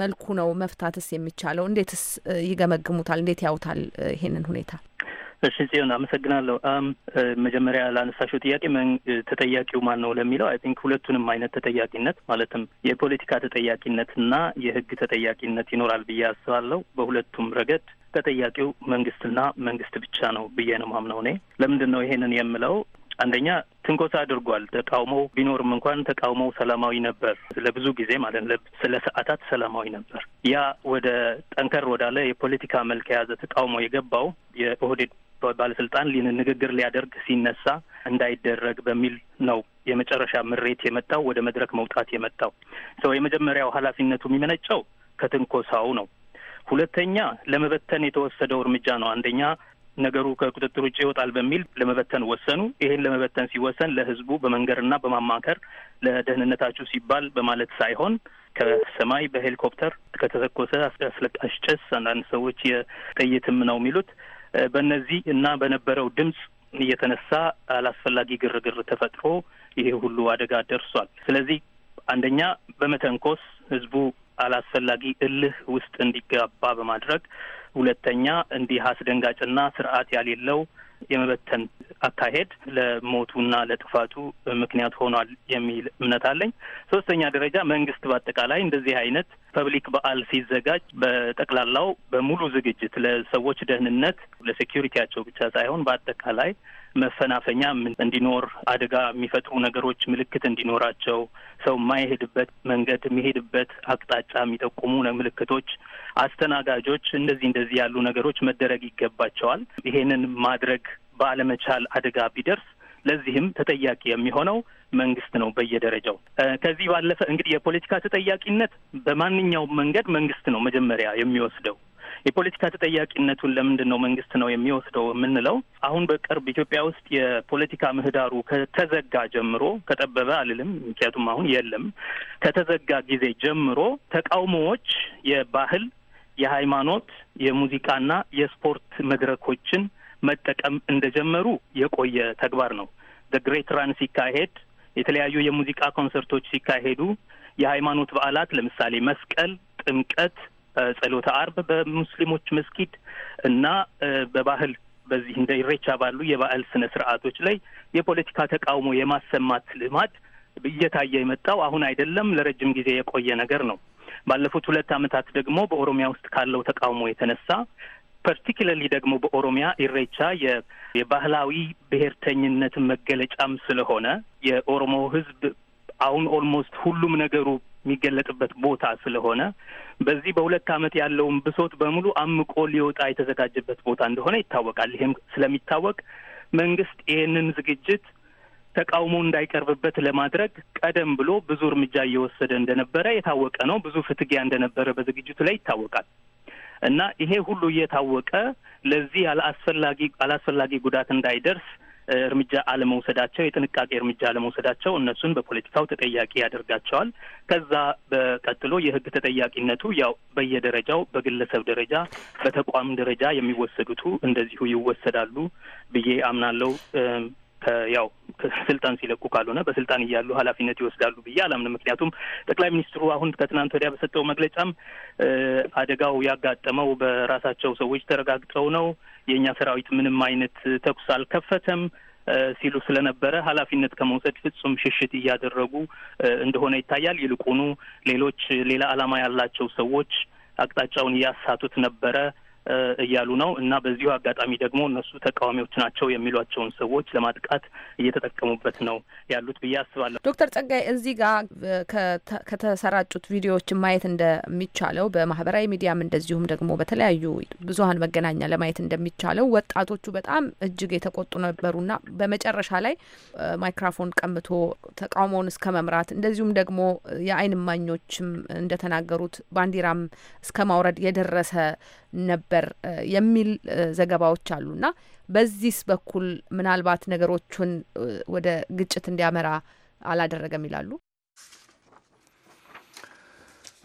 መልኩ ነው መፍታትስ የሚቻለው? እንዴትስ ይገመግሙታል? እንዴት ያውታል ይሄንን ሁኔታ? እሺ ጽዮን አመሰግናለሁ። መጀመሪያ ላነሳሽው ጥያቄ ተጠያቂው ማን ነው ለሚለው አይ ቲንክ ሁለቱንም አይነት ተጠያቂነት ማለትም የፖለቲካ ተጠያቂነት እና የህግ ተጠያቂነት ይኖራል ብዬ አስባለሁ። በሁለቱም ረገድ ተጠያቂው መንግስትና መንግስት ብቻ ነው ብዬ ነው ማምነው እኔ። ለምንድን ነው ይሄንን የምለው? አንደኛ ትንኮሳ አድርጓል። ተቃውሞው ቢኖርም እንኳን ተቃውሞው ሰላማዊ ነበር፣ ለብዙ ጊዜ ማለት ለ ስለ ሰዓታት ሰላማዊ ነበር። ያ ወደ ጠንከር ወዳለ የፖለቲካ መልክ የያዘ ተቃውሞ የገባው የኦህዴድ ባለስልጣን ንግግር ሊያደርግ ሲነሳ እንዳይደረግ በሚል ነው የመጨረሻ ምሬት የመጣው ወደ መድረክ መውጣት የመጣው ሰው የመጀመሪያው ኃላፊነቱ የሚመነጨው ከትንኮሳው ነው። ሁለተኛ ለመበተን የተወሰደው እርምጃ ነው። አንደኛ ነገሩ ከቁጥጥር ውጭ ይወጣል በሚል ለመበተን ወሰኑ። ይሄን ለመበተን ሲወሰን ለህዝቡ በመንገርና በማማከር ለደህንነታችሁ ሲባል በማለት ሳይሆን ከሰማይ በሄሊኮፕተር ከተተኮሰ አስለቃሽ ጭስ አንዳንድ ሰዎች የጥይትም ነው የሚሉት በነዚህ እና በነበረው ድምፅ እየተነሳ አላስፈላጊ ግርግር ተፈጥሮ ይሄ ሁሉ አደጋ ደርሷል። ስለዚህ አንደኛ በመተንኮስ ህዝቡ አላስፈላጊ እልህ ውስጥ እንዲጋባ በማድረግ ሁለተኛ እንዲህ አስደንጋጭና ስርዓት ያሌለው የመበተን አካሄድ ለሞቱና ለጥፋቱ ምክንያት ሆኗል የሚል እምነት አለኝ። ሶስተኛ ደረጃ መንግስት በአጠቃላይ እንደዚህ አይነት ፐብሊክ በዓል ሲዘጋጅ በጠቅላላው በሙሉ ዝግጅት ለሰዎች ደህንነት ለሴኪሪቲያቸው ብቻ ሳይሆን በአጠቃላይ መፈናፈኛ እንዲኖር አደጋ የሚፈጥሩ ነገሮች ምልክት እንዲኖራቸው ሰው የማይሄድበት መንገድ የሚሄድበት አቅጣጫ የሚጠቁሙ ምልክቶች፣ አስተናጋጆች እንደዚህ እንደዚህ ያሉ ነገሮች መደረግ ይገባቸዋል። ይሄንን ማድረግ በአለመቻል አደጋ ቢደርስ ለዚህም ተጠያቂ የሚሆነው መንግስት ነው በየደረጃው። ከዚህ ባለፈ እንግዲህ የፖለቲካ ተጠያቂነት በማንኛውም መንገድ መንግስት ነው መጀመሪያ የሚወስደው የፖለቲካ ተጠያቂነቱን ለምንድን ነው መንግስት ነው የሚወስደው የምንለው አሁን በቅርብ ኢትዮጵያ ውስጥ የፖለቲካ ምህዳሩ ከተዘጋ ጀምሮ ከጠበበ አልልም፣ ምክንያቱም አሁን የለም። ከተዘጋ ጊዜ ጀምሮ ተቃውሞዎች የባህል፣ የሃይማኖት፣ የሙዚቃና የስፖርት መድረኮችን መጠቀም እንደጀመሩ የቆየ ተግባር ነው። ግሬት ራን ሲካሄድ የተለያዩ የሙዚቃ ኮንሰርቶች ሲካሄዱ፣ የሃይማኖት በዓላት ለምሳሌ መስቀል፣ ጥምቀት፣ ጸሎተ አርብ በሙስሊሞች መስጊድ እና በባህል በዚህ እንደ ኢሬቻ ባሉ የባህል ስነ ስርዓቶች ላይ የፖለቲካ ተቃውሞ የማሰማት ልማድ እየታየ የመጣው አሁን አይደለም፣ ለረጅም ጊዜ የቆየ ነገር ነው። ባለፉት ሁለት ዓመታት ደግሞ በኦሮሚያ ውስጥ ካለው ተቃውሞ የተነሳ ፐርቲኪለርሊ ደግሞ በኦሮሚያ ኢሬቻ የባህላዊ ብሔርተኝነት መገለጫም ስለሆነ የኦሮሞ ህዝብ አሁን ኦልሞስት ሁሉም ነገሩ የሚገለጥበት ቦታ ስለሆነ በዚህ በሁለት ዓመት ያለውን ብሶት በሙሉ አምቆ ሊወጣ የተዘጋጀበት ቦታ እንደሆነ ይታወቃል። ይህም ስለሚታወቅ መንግስት ይህንን ዝግጅት ተቃውሞ እንዳይቀርብበት ለማድረግ ቀደም ብሎ ብዙ እርምጃ እየወሰደ እንደነበረ የታወቀ ነው። ብዙ ፍትጊያ እንደነበረ በዝግጅቱ ላይ ይታወቃል። እና ይሄ ሁሉ እየታወቀ ለዚህ አላስፈላጊ አላስፈላጊ ጉዳት እንዳይደርስ እርምጃ አለመውሰዳቸው፣ የጥንቃቄ እርምጃ አለመውሰዳቸው እነሱን በፖለቲካው ተጠያቂ ያደርጋቸዋል። ከዛ በቀጥሎ የህግ ተጠያቂነቱ ያው በየደረጃው በግለሰብ ደረጃ በተቋም ደረጃ የሚወሰዱቱ እንደዚሁ ይወሰዳሉ ብዬ አምናለሁ። ያው ከስልጣን ሲለቁ ካልሆነ በስልጣን እያሉ ኃላፊነት ይወስዳሉ ብዬ አላምንም። ምክንያቱም ጠቅላይ ሚኒስትሩ አሁን ከትናንት ወዲያ በሰጠው መግለጫም አደጋው ያጋጠመው በራሳቸው ሰዎች ተረጋግጠው ነው፣ የእኛ ሰራዊት ምንም አይነት ተኩስ አልከፈተም ሲሉ ስለነበረ ኃላፊነት ከመውሰድ ፍጹም ሽሽት እያደረጉ እንደሆነ ይታያል። ይልቁኑ ሌሎች ሌላ ዓላማ ያላቸው ሰዎች አቅጣጫውን እያሳቱት ነበረ እያሉ ነው እና በዚሁ አጋጣሚ ደግሞ እነሱ ተቃዋሚዎች ናቸው የሚሏቸውን ሰዎች ለማጥቃት እየተጠቀሙበት ነው ያሉት ብዬ አስባለሁ። ዶክተር ጸጋይ እዚህ ጋር ከተሰራጩት ቪዲዮዎችን ማየት እንደሚቻለው በማህበራዊ ሚዲያም እንደዚሁም ደግሞ በተለያዩ ብዙሀን መገናኛ ለማየት እንደሚቻለው ወጣቶቹ በጣም እጅግ የተቆጡ ነበሩና በመጨረሻ ላይ ማይክራፎን ቀምቶ ተቃውሞውን እስከ መምራት እንደዚሁም ደግሞ የአይን እማኞችም እንደተናገሩት ባንዲራም እስከ ማውረድ የደረሰ ነበር። ነበር የሚል ዘገባዎች አሉና በዚህስ በኩል ምናልባት ነገሮቹን ወደ ግጭት እንዲያመራ አላደረገም ይላሉ።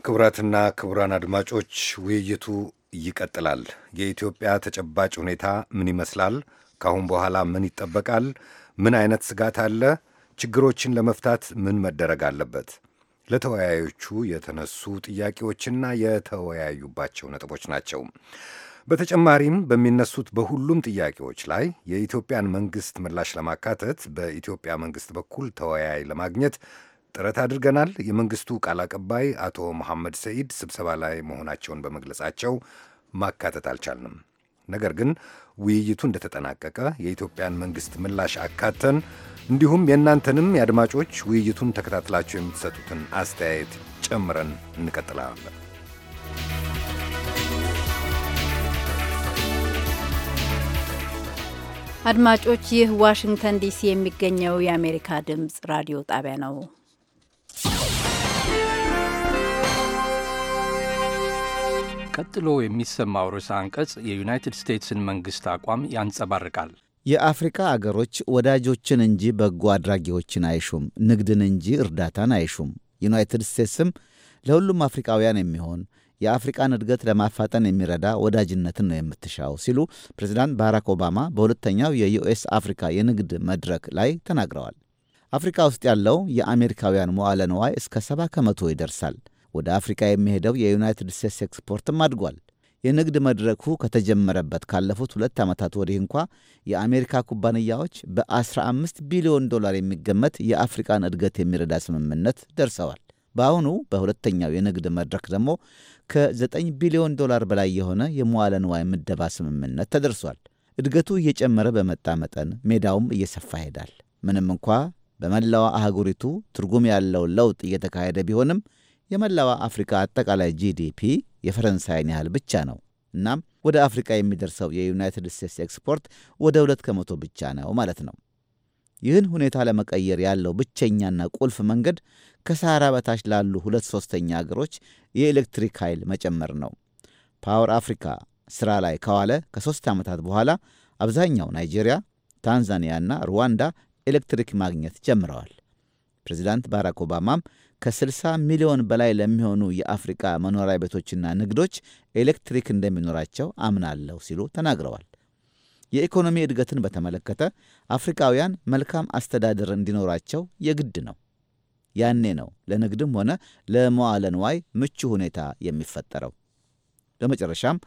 ክቡራትና ክቡራን አድማጮች ውይይቱ ይቀጥላል። የኢትዮጵያ ተጨባጭ ሁኔታ ምን ይመስላል? ከአሁን በኋላ ምን ይጠበቃል? ምን አይነት ስጋት አለ? ችግሮችን ለመፍታት ምን መደረግ አለበት? ለተወያዮቹ የተነሱ ጥያቄዎችና የተወያዩባቸው ነጥቦች ናቸው። በተጨማሪም በሚነሱት በሁሉም ጥያቄዎች ላይ የኢትዮጵያን መንግስት ምላሽ ለማካተት በኢትዮጵያ መንግስት በኩል ተወያይ ለማግኘት ጥረት አድርገናል። የመንግስቱ ቃል አቀባይ አቶ መሐመድ ሰኢድ ስብሰባ ላይ መሆናቸውን በመግለጻቸው ማካተት አልቻልንም። ነገር ግን ውይይቱ እንደተጠናቀቀ የኢትዮጵያን መንግሥት ምላሽ አካተን እንዲሁም የእናንተንም የአድማጮች ውይይቱን ተከታትላቸው የምትሰጡትን አስተያየት ጨምረን እንቀጥላለን። አድማጮች፣ ይህ ዋሽንግተን ዲሲ የሚገኘው የአሜሪካ ድምፅ ራዲዮ ጣቢያ ነው። ቀጥሎ የሚሰማው ርዕሰ አንቀጽ የዩናይትድ ስቴትስን መንግሥት አቋም ያንጸባርቃል። የአፍሪካ አገሮች ወዳጆችን እንጂ በጎ አድራጊዎችን አይሹም፣ ንግድን እንጂ እርዳታን አይሹም። ዩናይትድ ስቴትስም ለሁሉም አፍሪካውያን የሚሆን የአፍሪቃን እድገት ለማፋጠን የሚረዳ ወዳጅነትን ነው የምትሻው ሲሉ ፕሬዚዳንት ባራክ ኦባማ በሁለተኛው የዩኤስ አፍሪካ የንግድ መድረክ ላይ ተናግረዋል። አፍሪካ ውስጥ ያለው የአሜሪካውያን መዋለ ንዋይ እስከ ሰባ ከመቶ ይደርሳል። ወደ አፍሪካ የሚሄደው የዩናይትድ ስቴትስ ኤክስፖርትም አድጓል። የንግድ መድረኩ ከተጀመረበት ካለፉት ሁለት ዓመታት ወዲህ እንኳ የአሜሪካ ኩባንያዎች በ15 ቢሊዮን ዶላር የሚገመት የአፍሪካን እድገት የሚረዳ ስምምነት ደርሰዋል። በአሁኑ በሁለተኛው የንግድ መድረክ ደግሞ ከ9 ቢሊዮን ዶላር በላይ የሆነ የመዋለ ንዋይ ምደባ ስምምነት ተደርሷል። እድገቱ እየጨመረ በመጣ መጠን ሜዳውም እየሰፋ ሄዳል። ምንም እንኳ በመላዋ አህጉሪቱ ትርጉም ያለው ለውጥ እየተካሄደ ቢሆንም የመላዋ አፍሪካ አጠቃላይ ጂዲፒ የፈረንሳይን ያህል ብቻ ነው። እናም ወደ አፍሪካ የሚደርሰው የዩናይትድ ስቴትስ ኤክስፖርት ወደ ሁለት ከመቶ ብቻ ነው ማለት ነው። ይህን ሁኔታ ለመቀየር ያለው ብቸኛና ቁልፍ መንገድ ከሳህራ በታች ላሉ ሁለት ሦስተኛ አገሮች የኤሌክትሪክ ኃይል መጨመር ነው። ፓወር አፍሪካ ሥራ ላይ ከዋለ ከሦስት ዓመታት በኋላ አብዛኛው ናይጄሪያ፣ ታንዛኒያና ሩዋንዳ ኤሌክትሪክ ማግኘት ጀምረዋል። ፕሬዚዳንት ባራክ ኦባማም ከ60 ሚሊዮን በላይ ለሚሆኑ የአፍሪቃ መኖሪያ ቤቶችና ንግዶች ኤሌክትሪክ እንደሚኖራቸው አምናለሁ ሲሉ ተናግረዋል። የኢኮኖሚ እድገትን በተመለከተ አፍሪካውያን መልካም አስተዳደር እንዲኖራቸው የግድ ነው። ያኔ ነው ለንግድም ሆነ ለመዋለ ንዋይ ምቹ ሁኔታ የሚፈጠረው። በመጨረሻም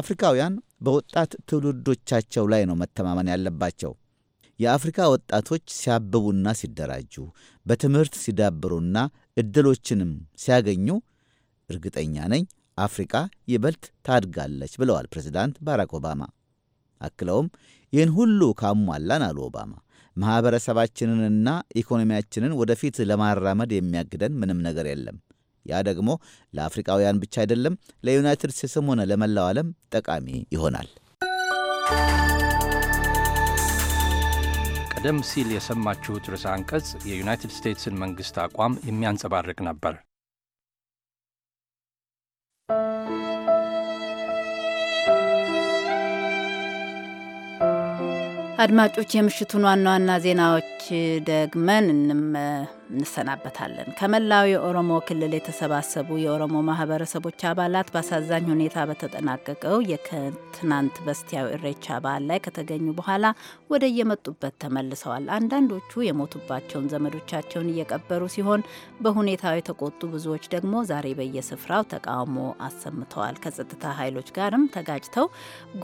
አፍሪካውያን በወጣት ትውልዶቻቸው ላይ ነው መተማመን ያለባቸው። የአፍሪካ ወጣቶች ሲያብቡና ሲደራጁ፣ በትምህርት ሲዳብሩና እድሎችንም ሲያገኙ እርግጠኛ ነኝ አፍሪቃ ይበልጥ ታድጋለች ብለዋል ፕሬዚዳንት ባራክ ኦባማ። አክለውም ይህን ሁሉ ካሟላን አሉ ኦባማ፣ ማኅበረሰባችንንና ኢኮኖሚያችንን ወደፊት ለማራመድ የሚያግደን ምንም ነገር የለም። ያ ደግሞ ለአፍሪቃውያን ብቻ አይደለም፣ ለዩናይትድ ስቴትስም ሆነ ለመላው ዓለም ጠቃሚ ይሆናል። ቀደም ሲል የሰማችሁት ርዕሰ አንቀጽ የዩናይትድ ስቴትስን መንግሥት አቋም የሚያንጸባርቅ ነበር። አድማጮች፣ የምሽቱን ዋና ዋና ዜናዎች ደግመን እንሰናበታለን። ከመላው የኦሮሞ ክልል የተሰባሰቡ የኦሮሞ ማህበረሰቦች አባላት በአሳዛኝ ሁኔታ በተጠናቀቀው የከትናንት በስቲያው እሬቻ በዓል ላይ ከተገኙ በኋላ ወደ የመጡበት ተመልሰዋል። አንዳንዶቹ የሞቱባቸውን ዘመዶቻቸውን እየቀበሩ ሲሆን፣ በሁኔታው የተቆጡ ብዙዎች ደግሞ ዛሬ በየስፍራው ተቃውሞ አሰምተዋል። ከጸጥታ ኃይሎች ጋርም ተጋጭተው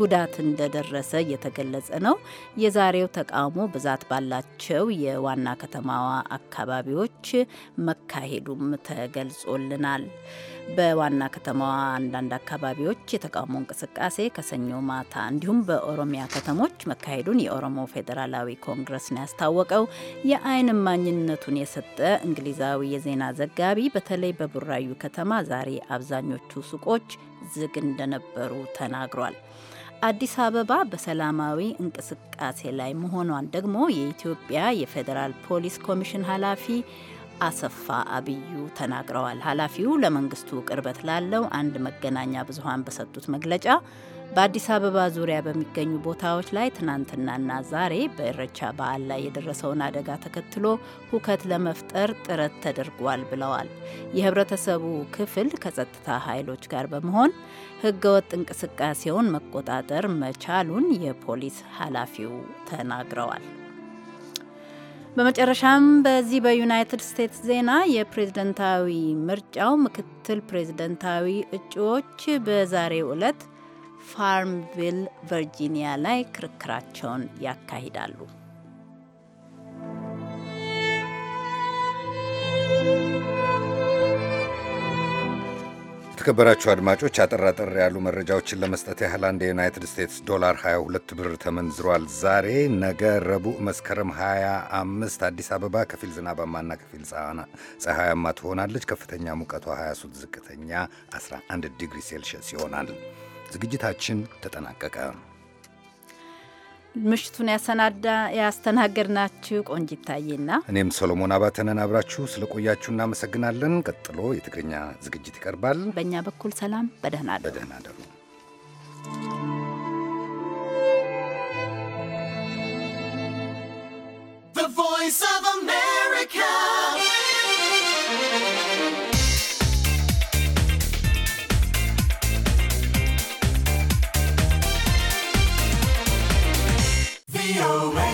ጉዳት እንደደረሰ እየተገለጸ ነው። የዛሬው ተቃውሞ ብዛት ባላቸው የዋና ከተማዋ አካባቢ አካባቢዎች መካሄዱም ተገልጾልናል። በዋና ከተማዋ አንዳንድ አካባቢዎች የተቃውሞ እንቅስቃሴ ከሰኞ ማታ እንዲሁም በኦሮሚያ ከተሞች መካሄዱን የኦሮሞ ፌዴራላዊ ኮንግረስ ነው ያስታወቀው። የዓይን እማኝነቱን የሰጠ እንግሊዛዊ የዜና ዘጋቢ በተለይ በቡራዩ ከተማ ዛሬ አብዛኞቹ ሱቆች ዝግ እንደነበሩ ተናግሯል። አዲስ አበባ በሰላማዊ እንቅስቃሴ ላይ መሆኗን ደግሞ የኢትዮጵያ የፌዴራል ፖሊስ ኮሚሽን ኃላፊ አሰፋ አብዩ ተናግረዋል። ኃላፊው ለመንግስቱ ቅርበት ላለው አንድ መገናኛ ብዙሃን በሰጡት መግለጫ በአዲስ አበባ ዙሪያ በሚገኙ ቦታዎች ላይ ትናንትናና ዛሬ በእረቻ በዓል ላይ የደረሰውን አደጋ ተከትሎ ሁከት ለመፍጠር ጥረት ተደርጓል ብለዋል። የህብረተሰቡ ክፍል ከጸጥታ ኃይሎች ጋር በመሆን ህገወጥ እንቅስቃሴውን መቆጣጠር መቻሉን የፖሊስ ኃላፊው ተናግረዋል። በመጨረሻም በዚህ በዩናይትድ ስቴትስ ዜና የፕሬዝደንታዊ ምርጫው ምክትል ፕሬዝደንታዊ እጩዎች በዛሬው ዕለት ፋርምቪል ቨርጂኒያ ላይ ክርክራቸውን ያካሂዳሉ። የተከበራችሁ አድማጮች አጠር አጠር ያሉ መረጃዎችን ለመስጠት ያህል አንድ የዩናይትድ ስቴትስ ዶላር 22 ብር ተመንዝሯል። ዛሬ ነገ ረቡዕ መስከረም 25 አዲስ አበባ ከፊል ዝናባማና ከፊል ፀሐያማ ትሆናለች። ከፍተኛ ሙቀቷ 23፣ ዝቅተኛ 11 ዲግሪ ሴልሺየስ ይሆናል። ዝግጅታችን ተጠናቀቀ። ምሽቱን ያሰናዳ ያስተናገድናችሁ ቆንጅ ይታየና እኔም ሰሎሞን አባተነን አብራችሁ ስለ ቆያችሁ እናመሰግናለን። ቀጥሎ የትግርኛ ዝግጅት ይቀርባል። በእኛ በኩል ሰላም፣ በደህና ደሩ፣ በደህና ደሩ። Voice of America Radio.